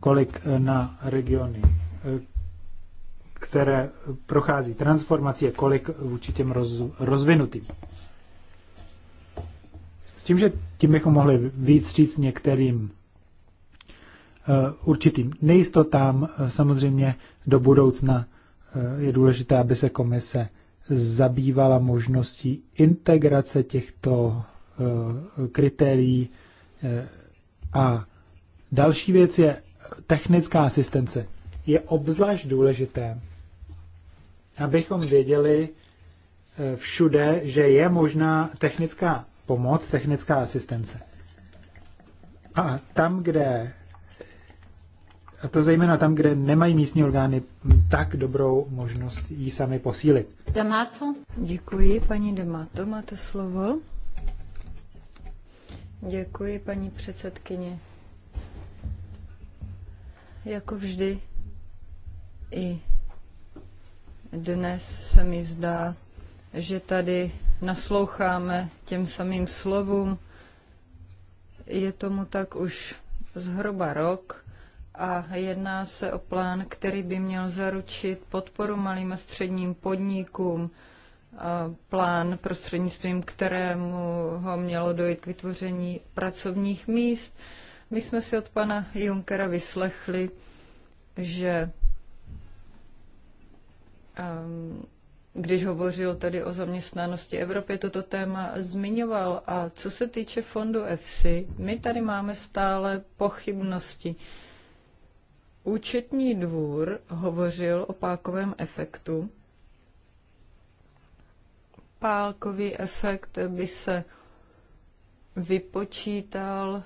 kolik eh, na regiony, eh, které prochází transformací a kolik vůči těm roz, rozvinutým. S tím, že tím bychom mohli víc říct některým určitým nejistotám, samozřejmě do budoucna je důležité, aby se komise zabývala možností integrace těchto eh, kritérií. Eh, a další věc je technická asistence. Je obzvlášť důležité, abychom věděli eh, všude, že je možná technická pomoc, technická asistence. A tam, kde a to zejména tam, kde nemají místní orgány tak dobrou možnost jí sami posílit. Damato. Děkuji, paní Damato, máte slovo. Děkuji, paní předsedkyně. Jako vždy i dnes se mi zdá, že tady nasloucháme těm samým slovům. Je tomu tak už zhruba rok, a jedná se o plán, který by měl zaručit podporu malým a středním podnikům, plán prostřednictvím kterému ho mělo dojít k vytvoření pracovních míst. My jsme si od pana Junkera vyslechli, že ehm, když hovořil tady o zaměstnanosti Evropy, toto téma zmiňoval. A co se týče fondu EFSI, my tady máme stále pochybnosti. Účetní dvůr hovořil o pákovém efektu. Pálkový efekt by se vypočítal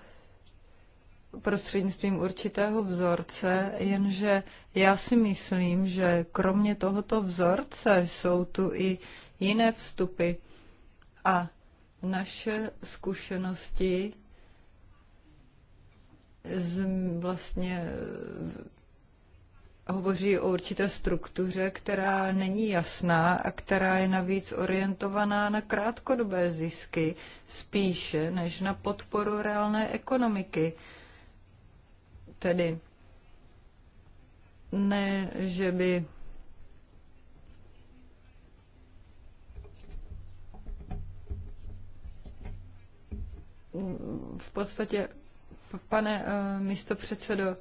prostřednictvím určitého vzorce, jenže já si myslím, že kromě tohoto vzorce jsou tu i jiné vstupy a naše zkušenosti z, vlastně hovoří o určité struktuře, která není jasná a která je navíc orientovaná na krátkodobé zisky spíše než na podporu reálné ekonomiky. Tedy ne, že by v podstatě Pane eh, místo předsedo,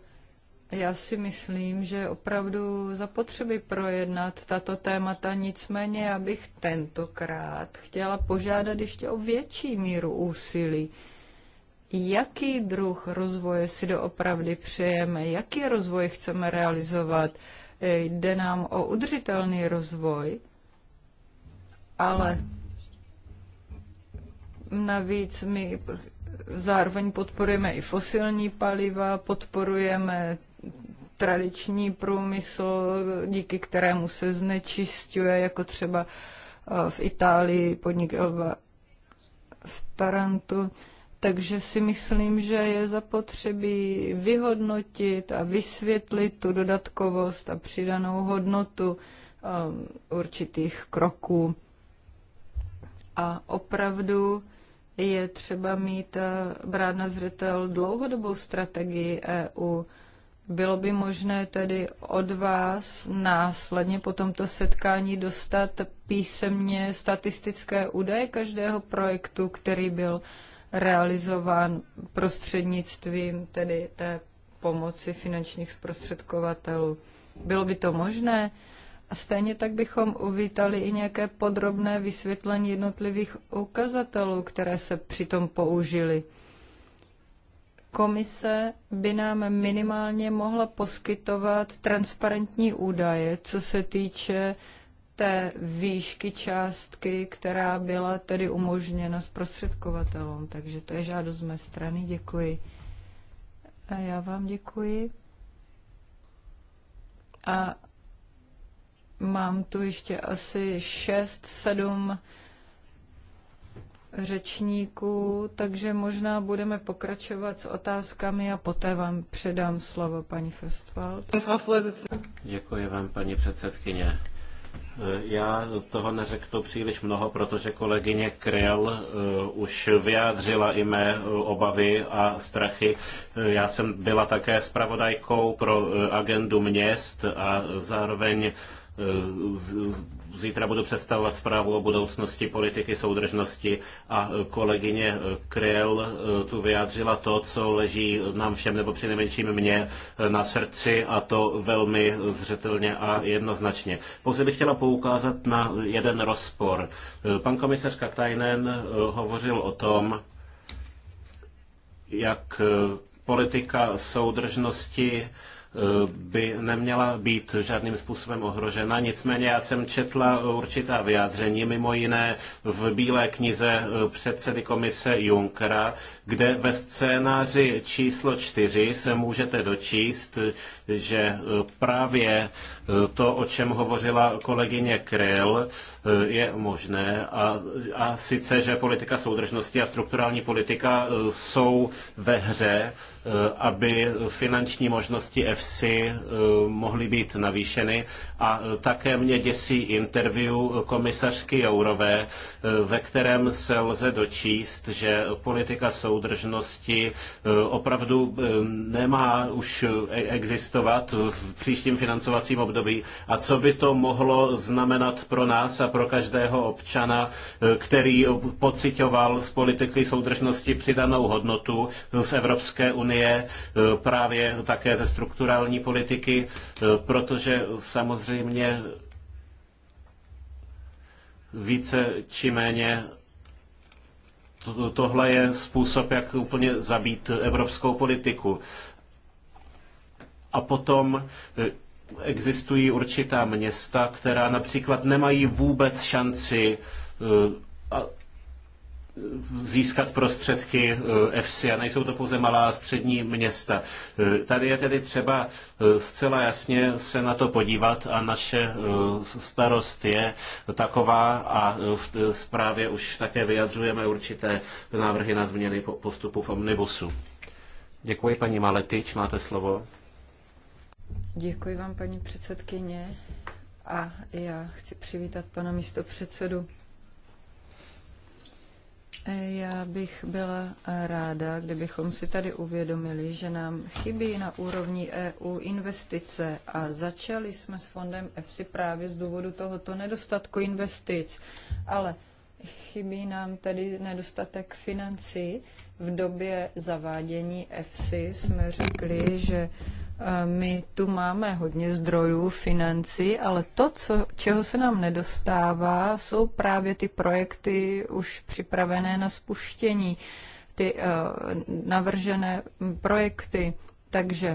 já si myslím, že opravdu zapotřebí projednat tato témata, nicméně já bych tentokrát chtěla požádat ještě o větší míru úsilí. Jaký druh rozvoje si doopravdy přejeme, jaký rozvoj chceme realizovat, eh, jde nám o udržitelný rozvoj, ale navíc my zároveň podporujeme i fosilní paliva, podporujeme tradiční průmysl, díky kterému se znečistuje, jako třeba eh, v Itálii podnik Elba v Tarantu. Takže si myslím, že je zapotřebí vyhodnotit a vysvětlit tu dodatkovost a přidanou hodnotu eh, určitých kroků. A opravdu je třeba mít eh, brát na zřetel dlouhodobou strategii EU. Bylo by možné tedy od vás následně po tomto setkání dostat písemně statistické údaje každého projektu, který byl realizován prostřednictvím tedy té pomoci finančních zprostředkovatelů. Bylo by to možné? Stejně tak bychom uvítali i nějaké podrobné vysvětlení jednotlivých ukazatelů, které se přitom použily. Komise by nám minimálně mohla poskytovat transparentní údaje, co se týče té výšky částky, která byla tedy umožněna zprostředkovatelům. Takže to je žádost z mé strany. Děkuji. A já vám děkuji. A Mám tu ještě asi 6-7 řečníků, takže možná budeme pokračovat s otázkami a poté vám předám slovo, paní Festwald. Děkuji vám, paní předsedkyně. Já toho neřeknu příliš mnoho, protože kolegyně Krell eh, už vyjádřila i mé eh, obavy a strachy. Eh, já jsem byla také zpravodajkou pro agendu měst a zároveň Eh, zítra budu představovat zprávu o budoucnosti politiky soudržnosti a kolegyně Kryl eh, tu vyjádřila to, co leží nám všem, nebo přinejmenším mně, eh, na srdci a to velmi zřetelně a jednoznačně. Pouze bych chtěla poukázat na jeden rozpor. Pan komisař Katajnen hovořil o tom, jak politika soudržnosti Eh, by neměla být žádným způsobem ohrožena. Nicméně já jsem četla určitá vyjádření, mimo jiné v Bílé knize eh, předsedy komise Junckera, kde ve scénáři číslo čtyři se můžete dočíst, že eh, právě to, o čem hovořila kolegyně Krill, je možné. A, a sice, že politika soudržnosti a strukturální politika jsou ve hře Eh, aby finanční možnosti EFSI eh, mohly být navýšeny. A eh, také mě děsí interview komisařky Jourové, ve kterém se lze dočíst, že politika soudržnosti opravdu nemá už existovat v příštím financovacím období. A co by to mohlo znamenat pro nás a pro každého občana, který pocitoval z politiky soudržnosti přidanou hodnotu z Evropské unie? unie e, právě také ze strukturální politiky, e, protože samozřejmě více či méně tohle je způsob, jak úplně zabít evropskou politiku. A potom e, existují určitá města, která například nemají vůbec šanci získat prostředky EFSI eh, a nejsou to pouze malá a střední města. Eh, tady je tedy třeba eh, zcela jasně se na to podívat a naše starost je taková a v zprávě už také vyjadřujeme určité návrhy na změny postupu v omnibusu. Děkuji paní Maletič, máte slovo. Děkuji vám, paní předsedkyně. A já chci přivítat pana předsedu. E, já bych byla ráda, kdybychom si tady uvědomili, že nám chybí na úrovni EU investice a začali jsme s fondem EFSI právě z důvodu tohoto nedostatku investic, ale chybí nám tedy nedostatek financí. V době zavádění EFSI jsme řekli, že my tu máme hodně zdrojů, financí, ale to, co, čeho se nám nedostává, jsou právě ty projekty už připravené na spuštění, ty eh, navržené projekty. Takže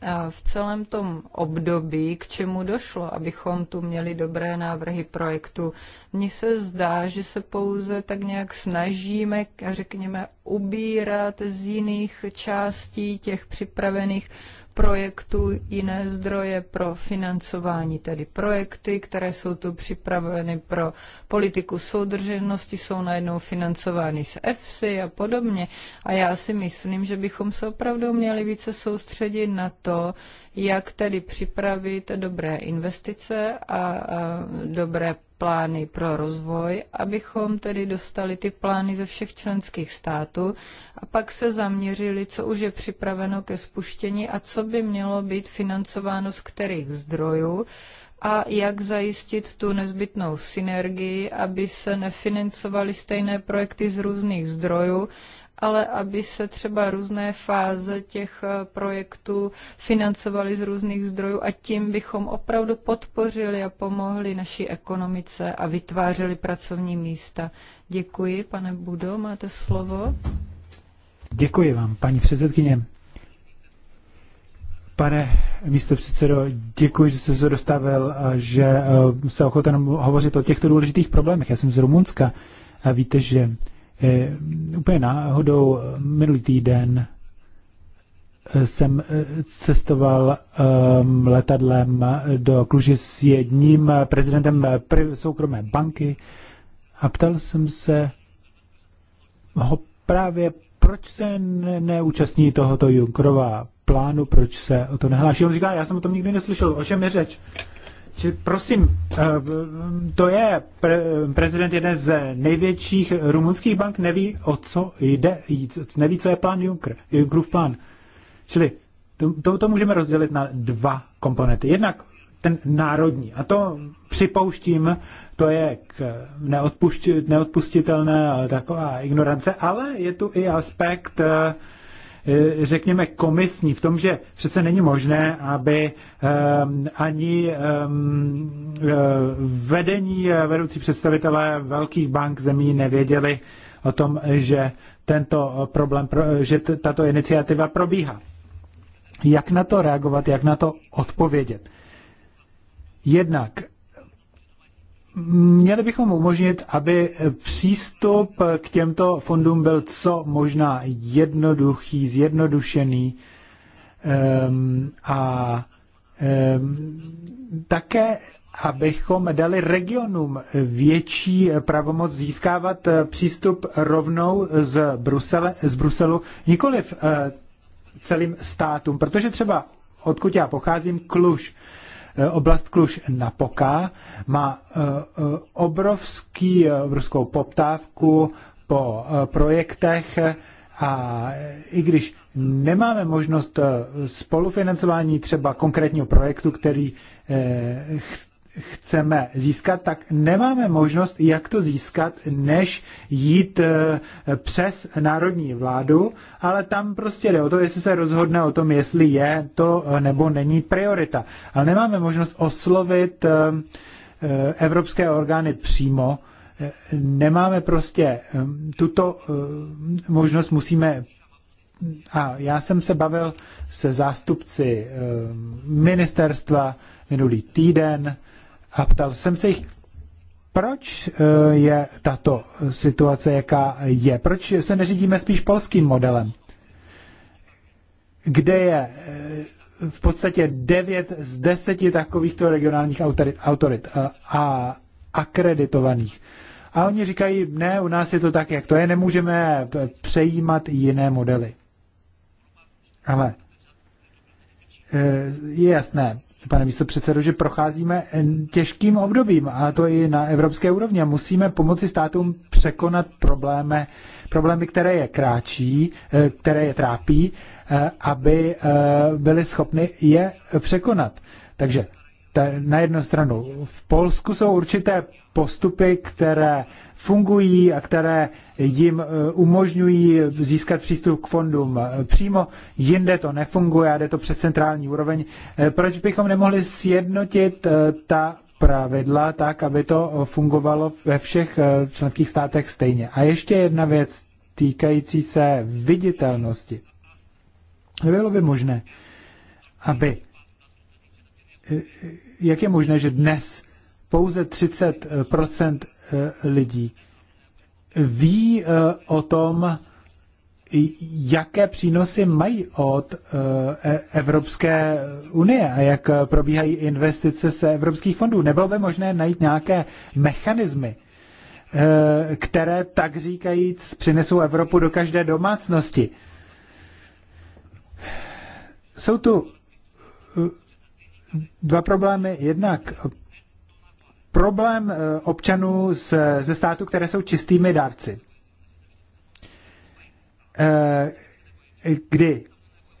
eh, v celém tom období, k čemu došlo, abychom tu měli dobré návrhy projektu. Mně se zdá, že se pouze tak nějak snažíme, řekněme, ubírat z jiných částí těch připravených projektů, jiné zdroje pro financování, tedy projekty, které jsou tu připraveny pro politiku soudržnosti, jsou najednou financovány z EFSI a podobně. A já si myslím, že bychom se opravdu měli více soustředit na to, jak tedy připravit dobré investice a, dobré plány pro rozvoj, abychom tedy dostali ty plány ze všech členských států a pak se zaměřili, co už je připraveno ke spuštění a co by mělo být financováno z kterých zdrojů a jak zajistit tu nezbytnou synergii, aby se nefinancovaly stejné projekty z různých zdrojů, ale aby se třeba různé fáze těch eh, projektů financovaly z různých zdrojů a tím bychom opravdu podpořili a pomohli naší ekonomice a vytvářeli pracovní místa. Děkuji, pane Budo, máte slovo. Děkuji vám, paní předsedkyně. Pane místo předsedo, děkuji, že jste se dostavil, že eh, jste ochoten hovořit o těchto důležitých problémech. Já jsem z Rumunska a víte, že Eh, úplně náhodou minulý týden eh, jsem eh, cestoval ehm, letadlem do Kluži s jedním prezidentem soukromé banky a ptal jsem se ho právě, proč se neúčastní tohoto Junkrova plánu, proč se o to nehláší. On říká, já jsem o tom nikdy neslyšel, o čem je řeč? Či prosím, eh, to je pre, prezident jedné z největších rumunských bank, neví, o co jde, neví, co je plán Juncker, Junckerův plán. Čili to, to, to můžeme rozdělit na dva komponenty. Jednak ten národní, a to připouštím, to je k neodpustitelné, ale taková ignorance, ale je tu i aspekt uh, Eh, řekněme, komisní v tom, že přece není možné, aby ehm, ani ehm, eh, vedení, eh, vedoucí představitelé velkých bank zemí nevěděli o tom, že tento problém, že tato iniciativa probíhá. Jak na to reagovat, jak na to odpovědět? Jednak Měli bychom umožnit, aby přístup k těmto fondům byl co možná jednoduchý, zjednodušený um, a um, také abychom dali regionům větší pravomoc získávat eh, přístup rovnou z, Brusele, z Bruselu, nikoliv eh, celým státům, protože třeba odkud já pocházím, Kluž, Eh, oblast Kluž Napoká má eh, eh, obrovský, obrovskou poptávku po projektech a i když nemáme možnost spolufinancování třeba konkrétního projektu, který chceme získat, tak nemáme možnost, jak to získat, než jít eh, přes národní vládu, ale tam prostě jde o to, jestli se rozhodne o tom, jestli je to eh, nebo není priorita. Ale nemáme možnost oslovit eh, evropské orgány přímo, nemáme prostě tuto možnost, musíme a já jsem se bavil se zástupci ministerstva minulý týden, a ptal jsem se jich, proč eh, je tato situace, jaká je? Proč se neřídíme spíš polským modelem? Kde je eh, v podstatě 9 z 10 takovýchto regionálních autorit, autorit a, eh, a akreditovaných. A oni říkají, ne, u nás je to tak, jak to je, nemůžeme přejímat jiné modely. Ale je jasné, pane místo předsedo, že procházíme eh, těžkým obdobím, a to i na evropské úrovni. A musíme pomoci státům překonat problémy, problémy, které je kráčí, eh, které je trápí, eh, aby byly schopny je překonat. Takže na jednu stranu v Polsku jsou určité postupy, které fungují a které jim e, umožňují získat přístup k fondům e, přímo, jinde to nefunguje a jde to přes centrální úroveň. E, proč bychom nemohli sjednotit ta pravidla tak, aby to fungovalo ve všech členských státech stejně? A ještě jedna věc týkající se viditelnosti. Bylo by možné, aby jak je možné, že dnes pouze 30 eh, eh, lidí ví eh, o tom, jaké přínosy mají od e-, Evropské unie a jak probíhají investice se evropských fondů. Nebylo by možné najít nějaké mechanismy, které tak říkajíc přinesou Evropu do každé domácnosti. Jsou tu dva problémy. Jednak problém eh, občanů z, ze státu, které jsou čistými dárci. Eh, kdy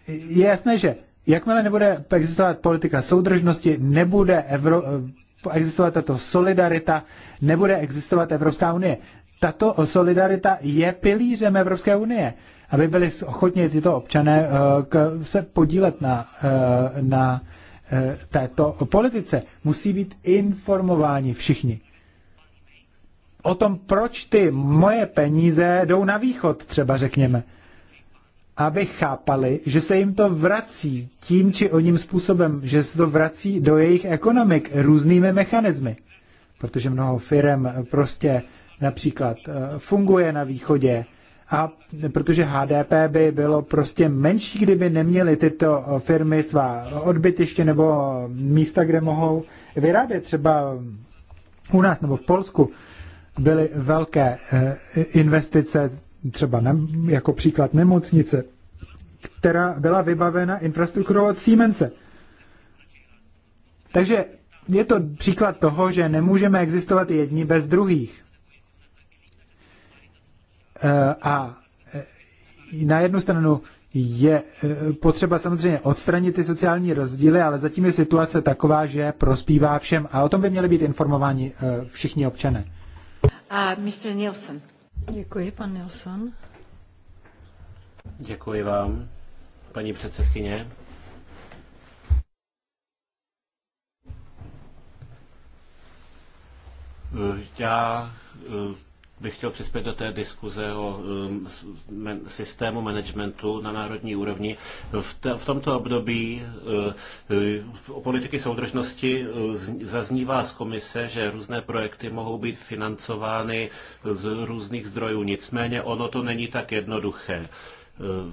je jasné, že jakmile nebude existovat politika soudržnosti, nebude Evro, eh, existovat tato solidarita, nebude existovat Evropská unie. Tato solidarita je pilířem Evropské unie, aby byli ochotni tyto občané k, se podílet na, na Eh, této politice. Musí být informováni všichni. O tom, proč ty moje peníze jdou na východ, třeba řekněme. Aby chápali, že se jim to vrací tím či oním způsobem, že se to vrací do jejich ekonomik různými mechanismy. Protože mnoho firm prostě například eh, funguje na východě, a protože HDP by bylo prostě menší, kdyby neměly tyto firmy svá odbytiště nebo místa, kde mohou vyrábět. Třeba u nás nebo v Polsku byly velké eh, investice, třeba jako příklad nemocnice, která byla vybavena infrastrukturou od Siemense. Takže je to příklad toho, že nemůžeme existovat jedni bez druhých. Eh, a eh, na jednu stranu je eh, potřeba samozřejmě odstranit ty sociální rozdíly, ale zatím je situace taková, že prospívá všem. A o tom by měli být informováni všichni občané. A Mr. Nielsen. Děkuji, pan Nielsen. Děkuji vám, paní předsedkyně. Já bych chtěl přispět do té diskuze o um, systému managementu na národní úrovni. V, te, v tomto období o uh, politiky soudržnosti uh, zaznívá z komise, že různé projekty mohou být financovány z různých zdrojů. Nicméně ono to není tak jednoduché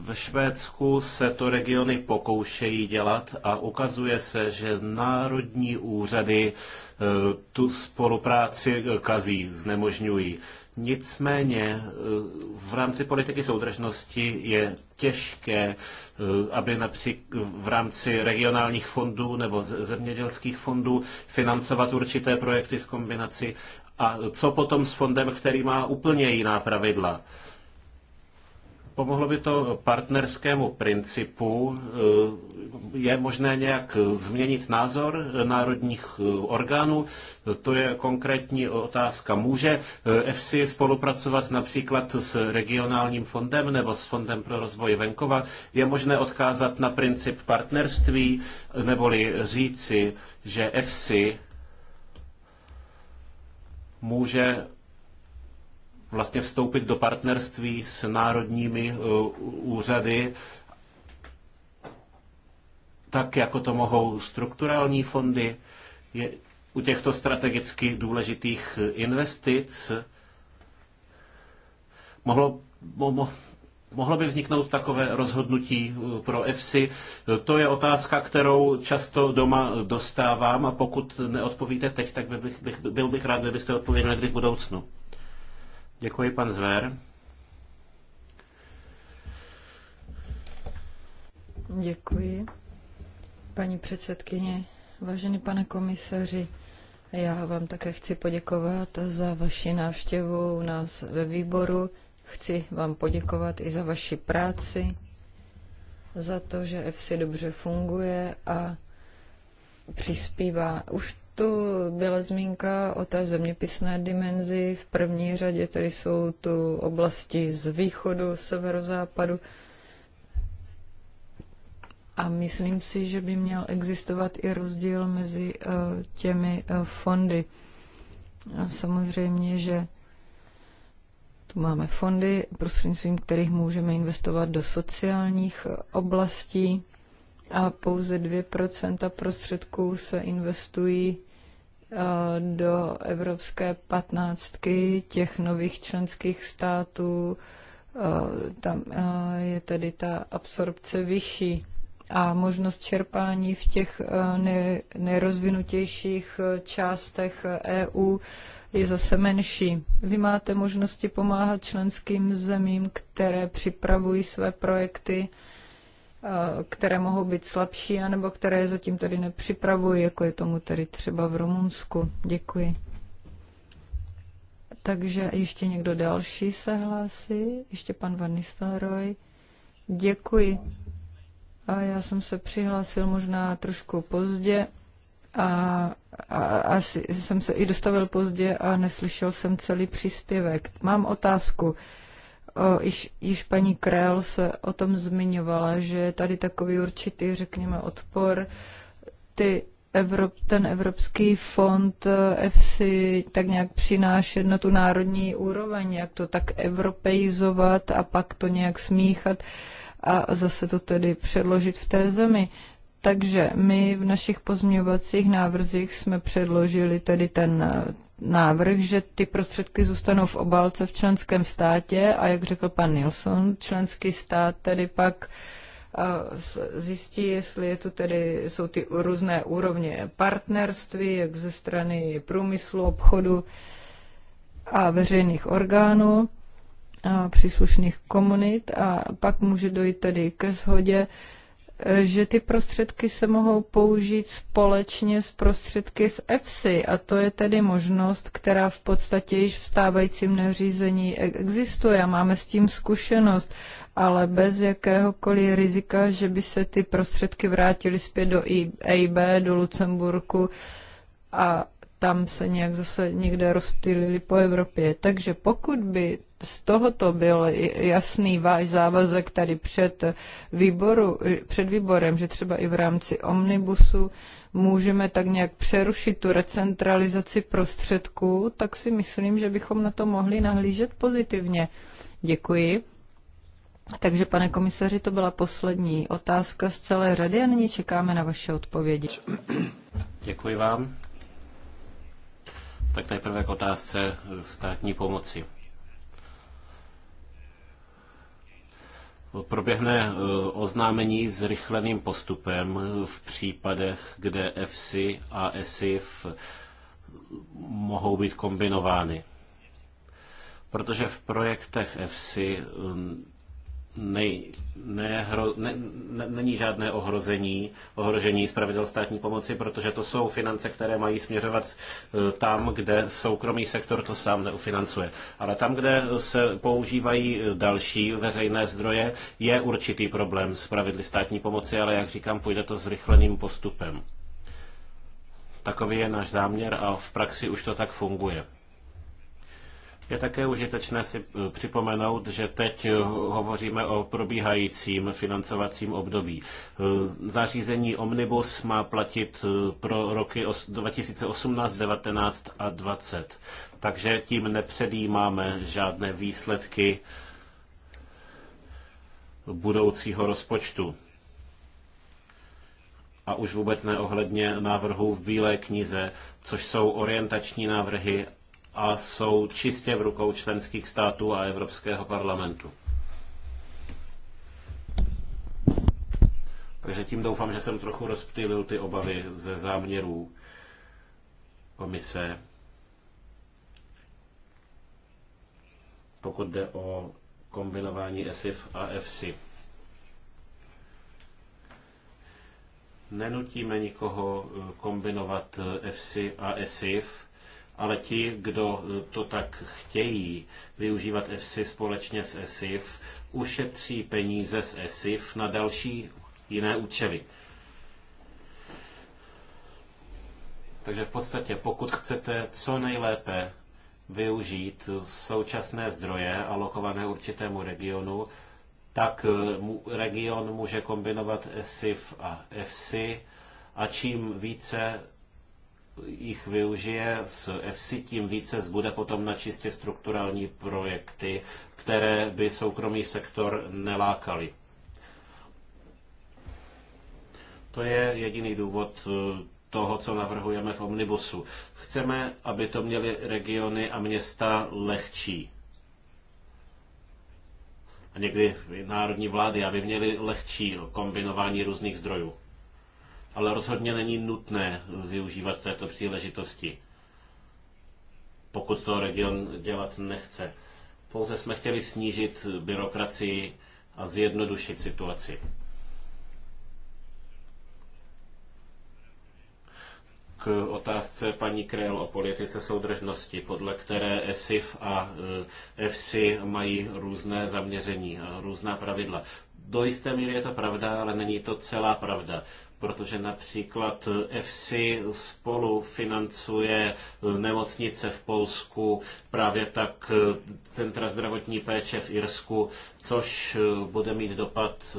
ve Švédsku se to regiony pokoušejí dělat a ukazuje se, že národní úřady e, tu spolupráci e, kazí, znemožňují. Nicméně e, v rámci politiky soudržnosti je těžké, aby například v rámci regionálních fondů nebo zemědělských fondů financovat určité projekty s kombinací. A co potom s fondem, který má úplně jiná pravidla? Pomohlo by to partnerskému principu. Eh, je možné nějak změnit názor národních eh, orgánů? To je konkrétní otázka. Může EFSI eh, spolupracovat například s regionálním fondem nebo s Fondem pro rozvoj venkova? Je možné odkázat na princip partnerství neboli říci, že EFSI může vlastně vstoupit do partnerství s národními eh, úřady, tak jako to mohou strukturální fondy. Je, u těchto strategicky důležitých eh, investic mohlo, mo, mohlo by vzniknout takové rozhodnutí eh, pro EFSI? To je otázka, kterou často doma dostávám a pokud neodpovíte teď, tak by bych, bych, byl bych rád, kdybyste odpověděli někdy v budoucnu. Děkuji, pan Zver. Děkuji, paní předsedkyně. Vážený pane komisaři, já vám také chci poděkovat za vaši návštěvu u nás ve výboru. Chci vám poděkovat i za vaši práci, za to, že EFSI dobře funguje a přispívá. Už tu byla zmínka o té zeměpisné dimenzi. V první řadě tady jsou tu oblasti z východu, severozápadu. A myslím si, že by měl existovat i rozdíl mezi eh, těmi eh, fondy. A samozřejmě, že tu máme fondy, prostřednictvím kterých můžeme investovat do sociálních eh, oblastí a pouze 2% prostředků se investují do Evropské patnáctky těch nových členských států, tam je tedy ta absorpce vyšší a možnost čerpání v těch nejrozvinutějších částech EU je zase menší. Vy máte možnosti pomáhat členským zemím, které připravují své projekty které mohou být slabší, anebo které zatím tady nepřipravují, jako je tomu tady třeba v Rumunsku. Děkuji. Takže ještě někdo další se hlásí? Ještě pan Van Nistelrooy. Děkuji. A já jsem se přihlásil možná trošku pozdě a, a asi jsem se i dostavil pozdě a neslyšel jsem celý příspěvek. Mám otázku. Uh, již, již paní Krell se o tom zmiňovala, že je tady takový určitý, řekněme, odpor. Ty Evrop, ten Evropský fond EFSI eh, tak nějak přinášet na tu národní úroveň, jak to tak evropejizovat a pak to nějak smíchat a zase to tedy předložit v té zemi. Takže my v našich pozměňovacích návrzích jsme předložili tedy ten návrh, že ty prostředky zůstanou v obalce v členském státě a jak řekl pan Nilsson, členský stát tedy pak zjistí, jestli je to tedy, jsou ty různé úrovně partnerství, jak ze strany průmyslu, obchodu a veřejných orgánů a příslušných komunit a pak může dojít tedy ke shodě že ty prostředky se mohou použít společně s prostředky z EFSI a to je tedy možnost, která v podstatě již v stávajícím nařízení existuje a máme s tím zkušenost, ale bez jakéhokoliv rizika, že by se ty prostředky vrátily zpět do EIB, do Lucemburku a tam se nějak zase někde rozptýlili po Evropě. Takže pokud by z tohoto byl jasný váš závazek tady před, výboru, před výborem, že třeba i v rámci omnibusu můžeme tak nějak přerušit tu recentralizaci prostředků, tak si myslím, že bychom na to mohli nahlížet pozitivně. Děkuji. Takže, pane komisaři, to byla poslední otázka z celé řady a nyní čekáme na vaše odpovědi. Děkuji vám. Tak nejprve k otázce státní pomoci. proběhne eh, oznámení s rychleným postupem eh, v případech, kde EFSI a ESIF eh, mohou být kombinovány. Protože v projektech EFSI nej, ne, ne, není žádné ohrození, ohrožení pravidel státní pomoci, protože to jsou finance, které mají směřovat eh, tam, kde soukromý sektor to sám neufinancuje. Ale tam, kde se používají eh, další veřejné zdroje, je určitý problém s pravidly státní pomoci, ale jak říkám, půjde to zrychleným postupem. Takový je náš záměr a v praxi už to tak funguje. Je také užitečné si eh, připomenout, že teď eh, hovoříme o probíhajícím financovacím období. Eh, zařízení Omnibus má platit pro roky 2018, 19 a 20. Takže tím nepředjímáme žádné výsledky budoucího rozpočtu. A už vůbec neohledně návrhů v Bílé knize, což jsou orientační návrhy a jsou čistě v rukou členských států a Evropského parlamentu. Takže tím doufám, že jsem trochu rozptýlil ty obavy ze záměrů komise, pokud jde o kombinování ESIF a EFSI. Nenutíme nikoho eh, kombinovat eh, EFSI a ESIF, ale ti, kdo e, to tak chtějí využívat EFSI společně s ESIF, ušetří peníze z ESIF na další jiné účely. Takže v podstatě, pokud chcete co nejlépe využít současné zdroje alokované určitému regionu, tak e, region může kombinovat ESIF a EFSI a čím více jich využije s EFSI, tím více zbude potom na čistě strukturální projekty, které by soukromý sektor nelákali. To je jediný důvod eh, toho, co navrhujeme v Omnibusu. Chceme, aby to měly regiony a města lehčí. A někdy národní vlády, aby měly lehčí kombinování různých zdrojů ale rozhodně není nutné využívat této příležitosti, pokud to region dělat nechce. Pouze jsme chtěli snížit byrokracii a zjednodušit situaci. K otázce paní Krejl o politice soudržnosti, podle které ESIF a EFSI mají různé zaměření a různá pravidla. Do jisté míry je to pravda, ale není to celá pravda protože například EFSI spolu financuje nemocnice v Polsku, právě tak centra zdravotní péče v Irsku, což bude mít dopad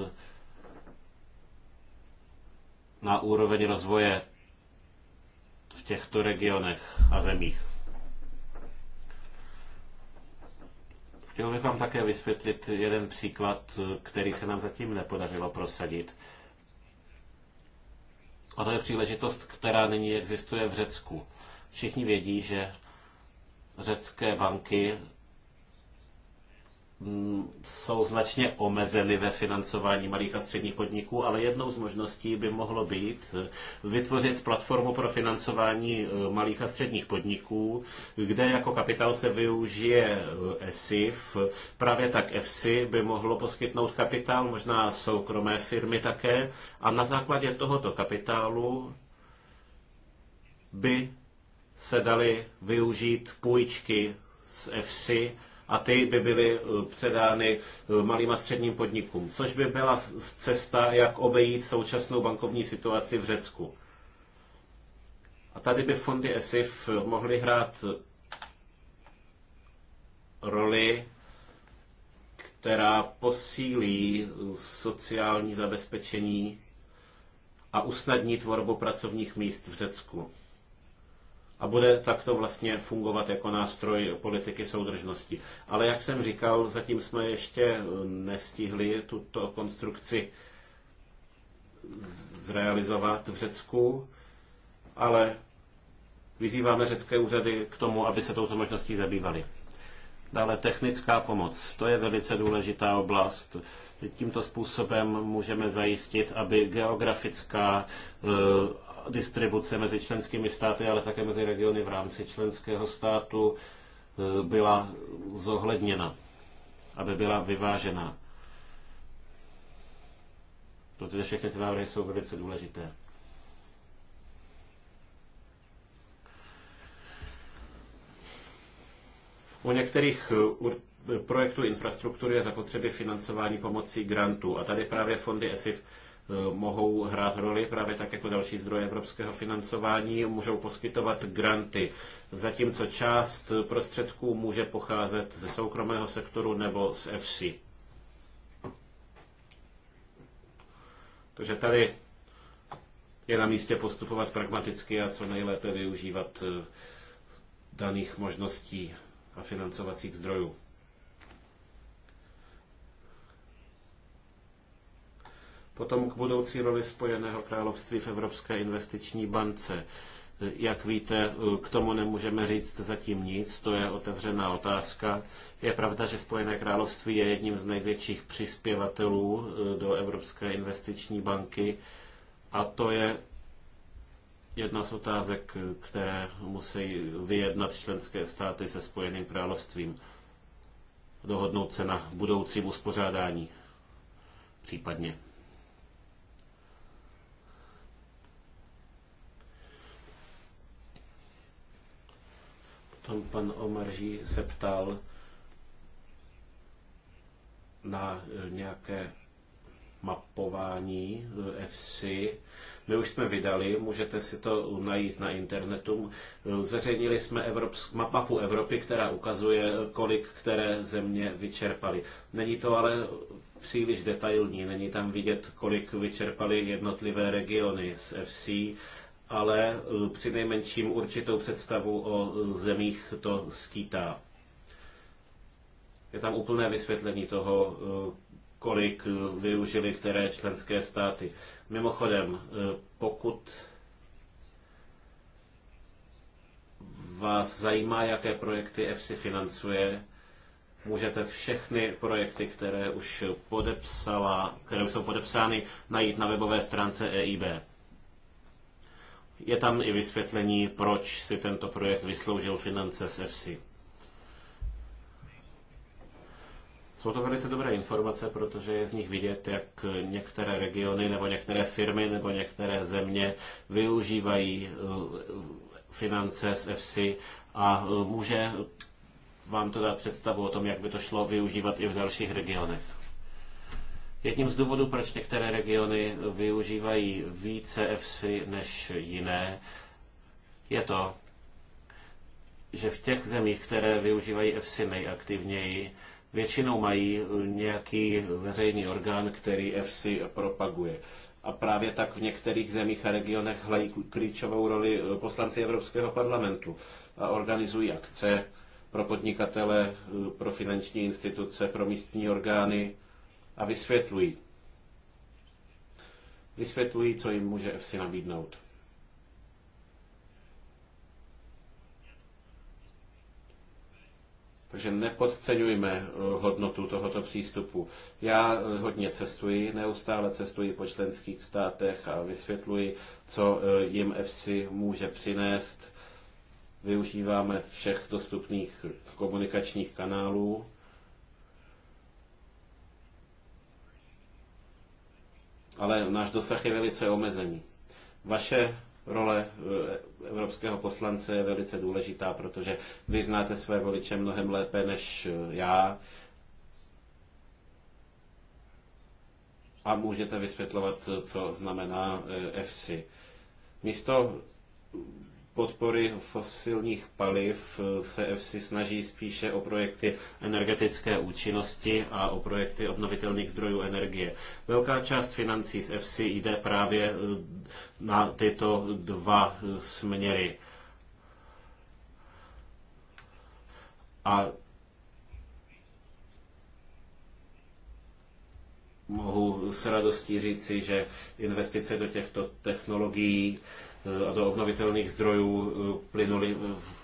na úroveň rozvoje v těchto regionech a zemích. Chtěl bych vám také vysvětlit jeden příklad, který se nám zatím nepodařilo prosadit a to je příležitost, která nyní existuje v Řecku. Všichni vědí, že řecké banky Mm, jsou značně omezeny ve financování malých a středních podniků, ale jednou z možností by mohlo být eh, vytvořit platformu pro financování eh, malých a středních podniků, kde jako kapitál se využije eh, ESIF. Právě tak EFSI by mohlo poskytnout kapitál, možná soukromé firmy také. A na základě tohoto kapitálu by se daly využít půjčky z EFSI a ty by byly eh, předány eh, malým a středním podnikům, což by byla cesta, jak obejít současnou bankovní situaci v Řecku. A tady by fondy ESIF eh, mohly hrát roli, která posílí sociální zabezpečení a usnadní tvorbu pracovních míst v Řecku a bude takto vlastně fungovat jako nástroj politiky soudržnosti. Ale jak jsem říkal, zatím jsme ještě eh, nestihli tuto konstrukci zrealizovat v Řecku, ale vyzýváme řecké úřady k tomu, aby se touto možností zabývaly. Dále technická pomoc. To je velice důležitá oblast. Tímto způsobem můžeme zajistit, aby geografická eh, distribuce mezi členskými státy, ale také mezi regiony v rámci členského státu eh, byla zohledněna, aby byla vyvážená. Protože všechny ty návrhy jsou velice důležité. U některých eh, projektů infrastruktury je zapotřebí financování pomocí grantů a tady právě fondy ESIF Eh, mohou hrát roli právě tak jako další zdroje evropského financování, můžou poskytovat granty, zatímco část prostředků může pocházet ze soukromého sektoru nebo z EFSI. Takže tady je na místě postupovat pragmaticky a co nejlépe využívat eh, daných možností a financovacích zdrojů. Potom k budoucí roli Spojeného království v Evropské investiční bance. Jak víte, k tomu nemůžeme říct zatím nic, to je otevřená otázka. Je pravda, že Spojené království je jedním z největších přispěvatelů eh, do Evropské investiční banky a to je jedna z otázek, které musí vyjednat členské státy se Spojeným královstvím. Dohodnout se na budoucím uspořádání případně. tam pan Omarží se ptal na eh, nějaké mapování eh, FC. My už jsme vydali, můžete si to najít na internetu. Eh, zveřejnili jsme Evropsk, mapu Evropy, která ukazuje, kolik které země vyčerpaly. Není to ale příliš detailní, není tam vidět, kolik vyčerpaly jednotlivé regiony z FC ale eh, při nejmenším určitou představu o eh, zemích to skýtá. Je tam úplné vysvětlení toho, eh, kolik využili které členské státy. Mimochodem, pokud vás zajímá, jaké projekty EFSI financuje, můžete všechny projekty, které už podepsala, které už jsou podepsány, najít na webové stránce EIB. Je tam i vysvětlení, proč si tento projekt vysloužil finance z EFSI. Jsou to velice dobré informace, protože je z nich vidět, jak některé regiony nebo některé firmy nebo některé země využívají eh, finance z EFSI a eh, může vám to dát představu o tom, jak by to šlo využívat i v dalších regionech. Jedním z důvodů, proč některé regiony využívají více EFSI než jiné, je to, že v těch zemích, které využívají EFSI nejaktivněji, většinou mají nějaký veřejný orgán, který EFSI propaguje. A právě tak v některých zemích a regionech hrají klíčovou roli eh, poslanci Evropského parlamentu a organizují akce pro podnikatele, eh, pro finanční instituce, pro místní orgány a vysvětlují. Vysvětlují, co jim může FC nabídnout. Takže nepodceňujme eh, hodnotu tohoto přístupu. Já eh, hodně cestuji, neustále cestuji po členských státech a vysvětluji, co eh, jim FC může přinést. Využíváme všech dostupných komunikačních kanálů. ale náš dosah je velice omezený. Vaše role e, evropského poslance je velice důležitá, protože vy znáte své voliče mnohem lépe než e, já a můžete vysvětlovat, co znamená e, FC. Místo podpory fosilních paliv eh, se EFSI snaží spíše o projekty energetické účinnosti a o projekty obnovitelných zdrojů energie. Velká část financí z EFSI jde právě eh, na tyto dva eh, směry. A mohu s radostí říci, že investice do těchto technologií Eh, a do obnovitelných zdrojů eh, plynuly v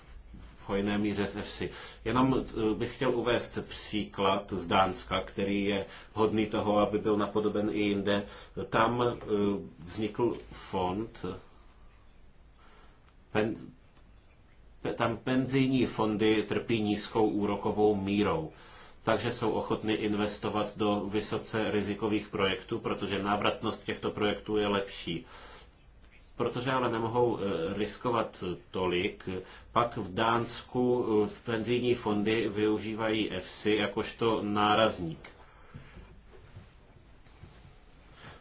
hojné míře z EFSI. Jenom eh, bych chtěl uvést příklad z Dánska, který je hodný toho, aby byl napodoben i jinde. Tam vznikl fond, pen, tam penzijní fondy trpí nízkou úrokovou mírou takže jsou ochotny investovat do vysoce rizikových projektů, protože návratnost těchto projektů je lepší protože ale nemohou eh, riskovat tolik, pak v Dánsku eh, v penzijní fondy využívají EFSI jakožto nárazník.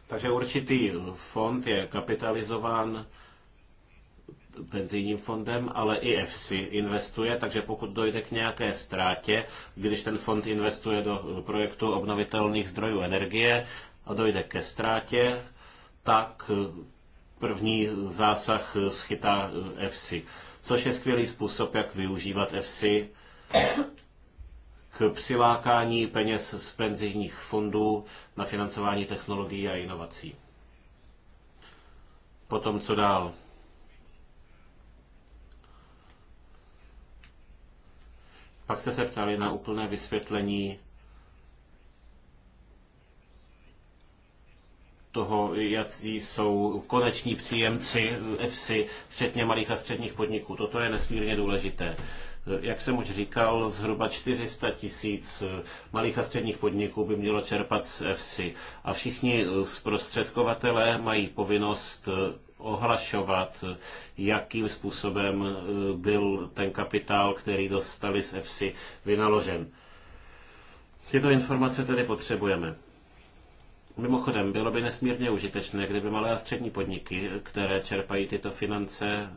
Takže určitý fond je kapitalizován penzijním fondem, ale i EFSI investuje, takže pokud dojde k nějaké ztrátě, když ten fond investuje do projektu obnovitelných zdrojů energie a dojde ke ztrátě, tak eh, první zásah eh, schytá eh, FC. což je skvělý způsob, jak využívat FC k přilákání peněz z penzijních fondů na financování technologií a inovací. Potom co dál? Pak jste se ptali na úplné vysvětlení toho, jaký jsou koneční příjemci EFSI, včetně malých a středních podniků. Toto je nesmírně důležité. Jak jsem už říkal, zhruba 400 tisíc eh, malých a středních podniků by mělo čerpat z EFSI. A všichni eh, zprostředkovatelé mají povinnost eh, ohlašovat, jakým způsobem byl ten kapitál, který dostali z EFSI, vynaložen. Tyto informace tedy potřebujeme. Mimochodem, bylo by nesmírně užitečné, kdyby malé a střední podniky, které čerpají tyto finance,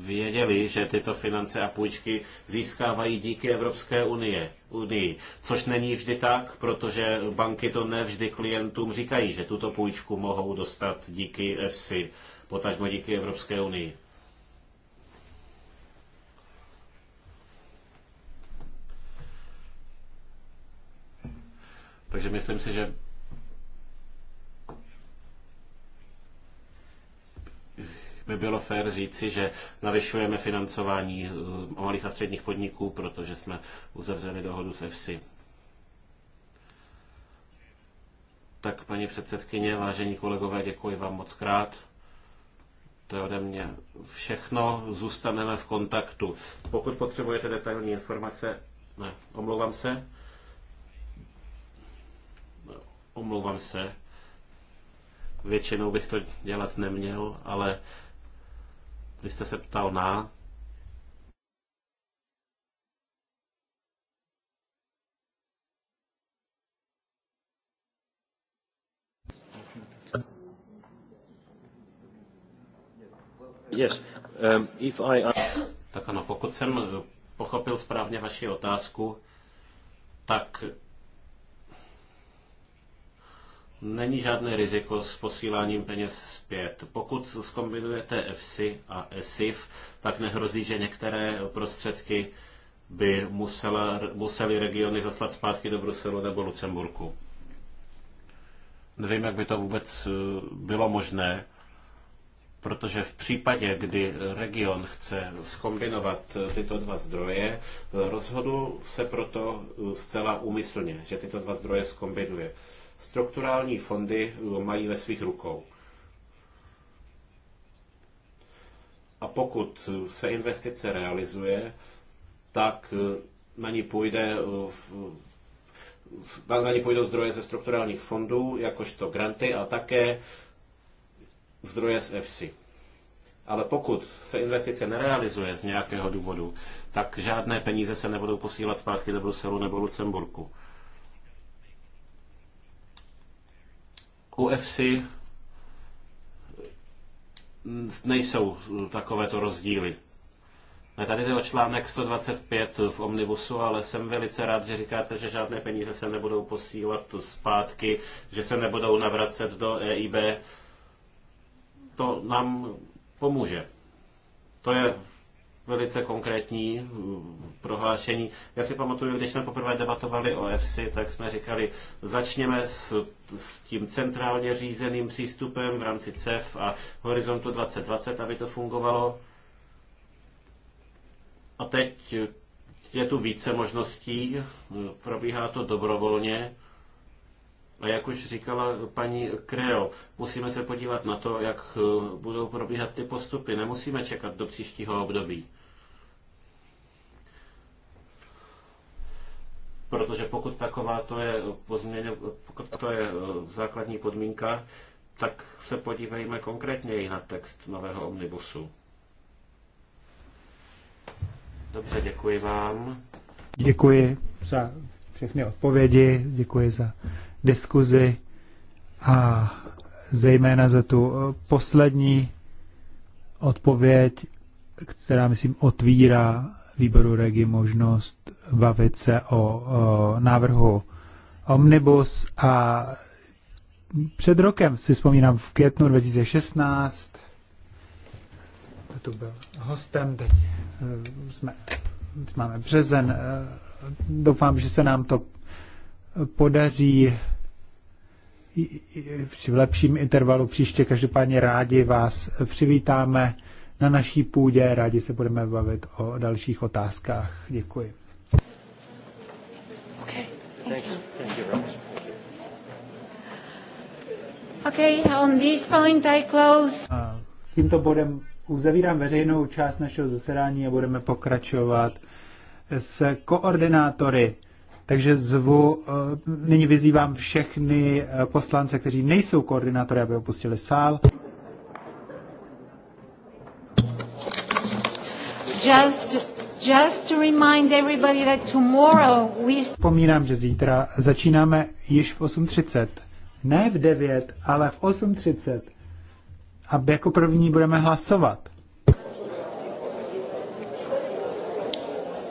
věděli, že tyto finance a půjčky získávají díky Evropské unie, unii, což není vždy tak, protože banky to nevždy klientům říkají, že tuto půjčku mohou dostat díky EFSI, potažmo díky Evropské unii. Takže myslím si, že by bylo fér říci, že navyšujeme financování eh, malých a středních podniků, protože jsme uzavřeli dohodu s EFSI. Tak paní předsedkyně, vážení kolegové, děkuji vám moc krát. To je ode mě všechno. Zůstaneme v kontaktu. Pokud potřebujete detailní informace, ne, omlouvám se. Omlouvám se. Většinou bych to dělat neměl, ale vy jste se ptal na Yes. Um, if I... Tak ano, pokud jsem pochopil správně vaši otázku, tak není žádné riziko s posíláním peněz zpět. Pokud zkombinujete EFSI a ESIF, tak nehrozí, že některé prostředky by musela, museli regiony zaslat zpátky do Bruselu nebo Lucemburku. Nevím, jak by to vůbec eh, bylo možné, protože v případě, kdy region chce skombinovat eh, tyto dva zdroje, eh, rozhodl se proto zcela úmyslně, že tyto dva zdroje skombinuje strukturální fondy eh, mají ve svých rukou. A pokud eh, se investice realizuje, tak eh, na ní půjde v, na ní půjdou zdroje ze strukturálních fondů, jakožto granty a také zdroje z EFSI. Ale pokud se investice nerealizuje z nějakého důvodu, tak žádné peníze se nebudou posílat zpátky do Bruselu nebo Lucemburku. UFC mm, nejsou takovéto rozdíly. Ne, tady jde o článek 125 v Omnibusu, ale jsem velice rád, že říkáte, že žádné peníze se nebudou posílat zpátky, že se nebudou navracet do EIB. To nám pomůže. To je velice konkrétní eh, prohlášení. Já si pamatuju, když jsme poprvé debatovali o EFSI, tak jsme říkali, začněme s, s tím centrálně řízeným přístupem v rámci CEF a Horizontu 2020, aby to fungovalo. A teď je tu více možností, eh, probíhá to dobrovolně. A jak už říkala paní Kreo, musíme se podívat na to, jak eh, budou probíhat ty postupy. Nemusíme čekat do příštího období. Protože pokud taková to je, eh, pozměně, pokud to je eh, základní podmínka, tak se podívejme konkrétněji na text nového omnibusu. Dobře, děkuji vám. Děkuji za všechny odpovědi, děkuji za diskuzi a zejména za tu eh, poslední odpověď, která, myslím, otvírá výboru Regi možnost bavit se o, o návrhu Omnibus a před rokem, si vzpomínám, v květnu 2016, tu byl hostem, teď eh, jsme, teď máme březen, eh, doufám, že se nám to podaří v lepším intervalu příště. Každopádně rádi vás přivítáme na naší půdě. Rádi se budeme bavit o dalších otázkách. Děkuji. Okay, thank you. okay on this point I close. tímto bodem uzavírám veřejnou část našeho zasedání a budeme pokračovat s koordinátory. Takže zvu, eh, nyní vyzývám všechny eh, poslance, kteří nejsou koordinátory, aby opustili sál. Just, just to remind everybody that tomorrow we... Vzpomínám, že zítra začínáme již v 8.30. Ne v 9, ale v 8.30. A jako první budeme hlasovat.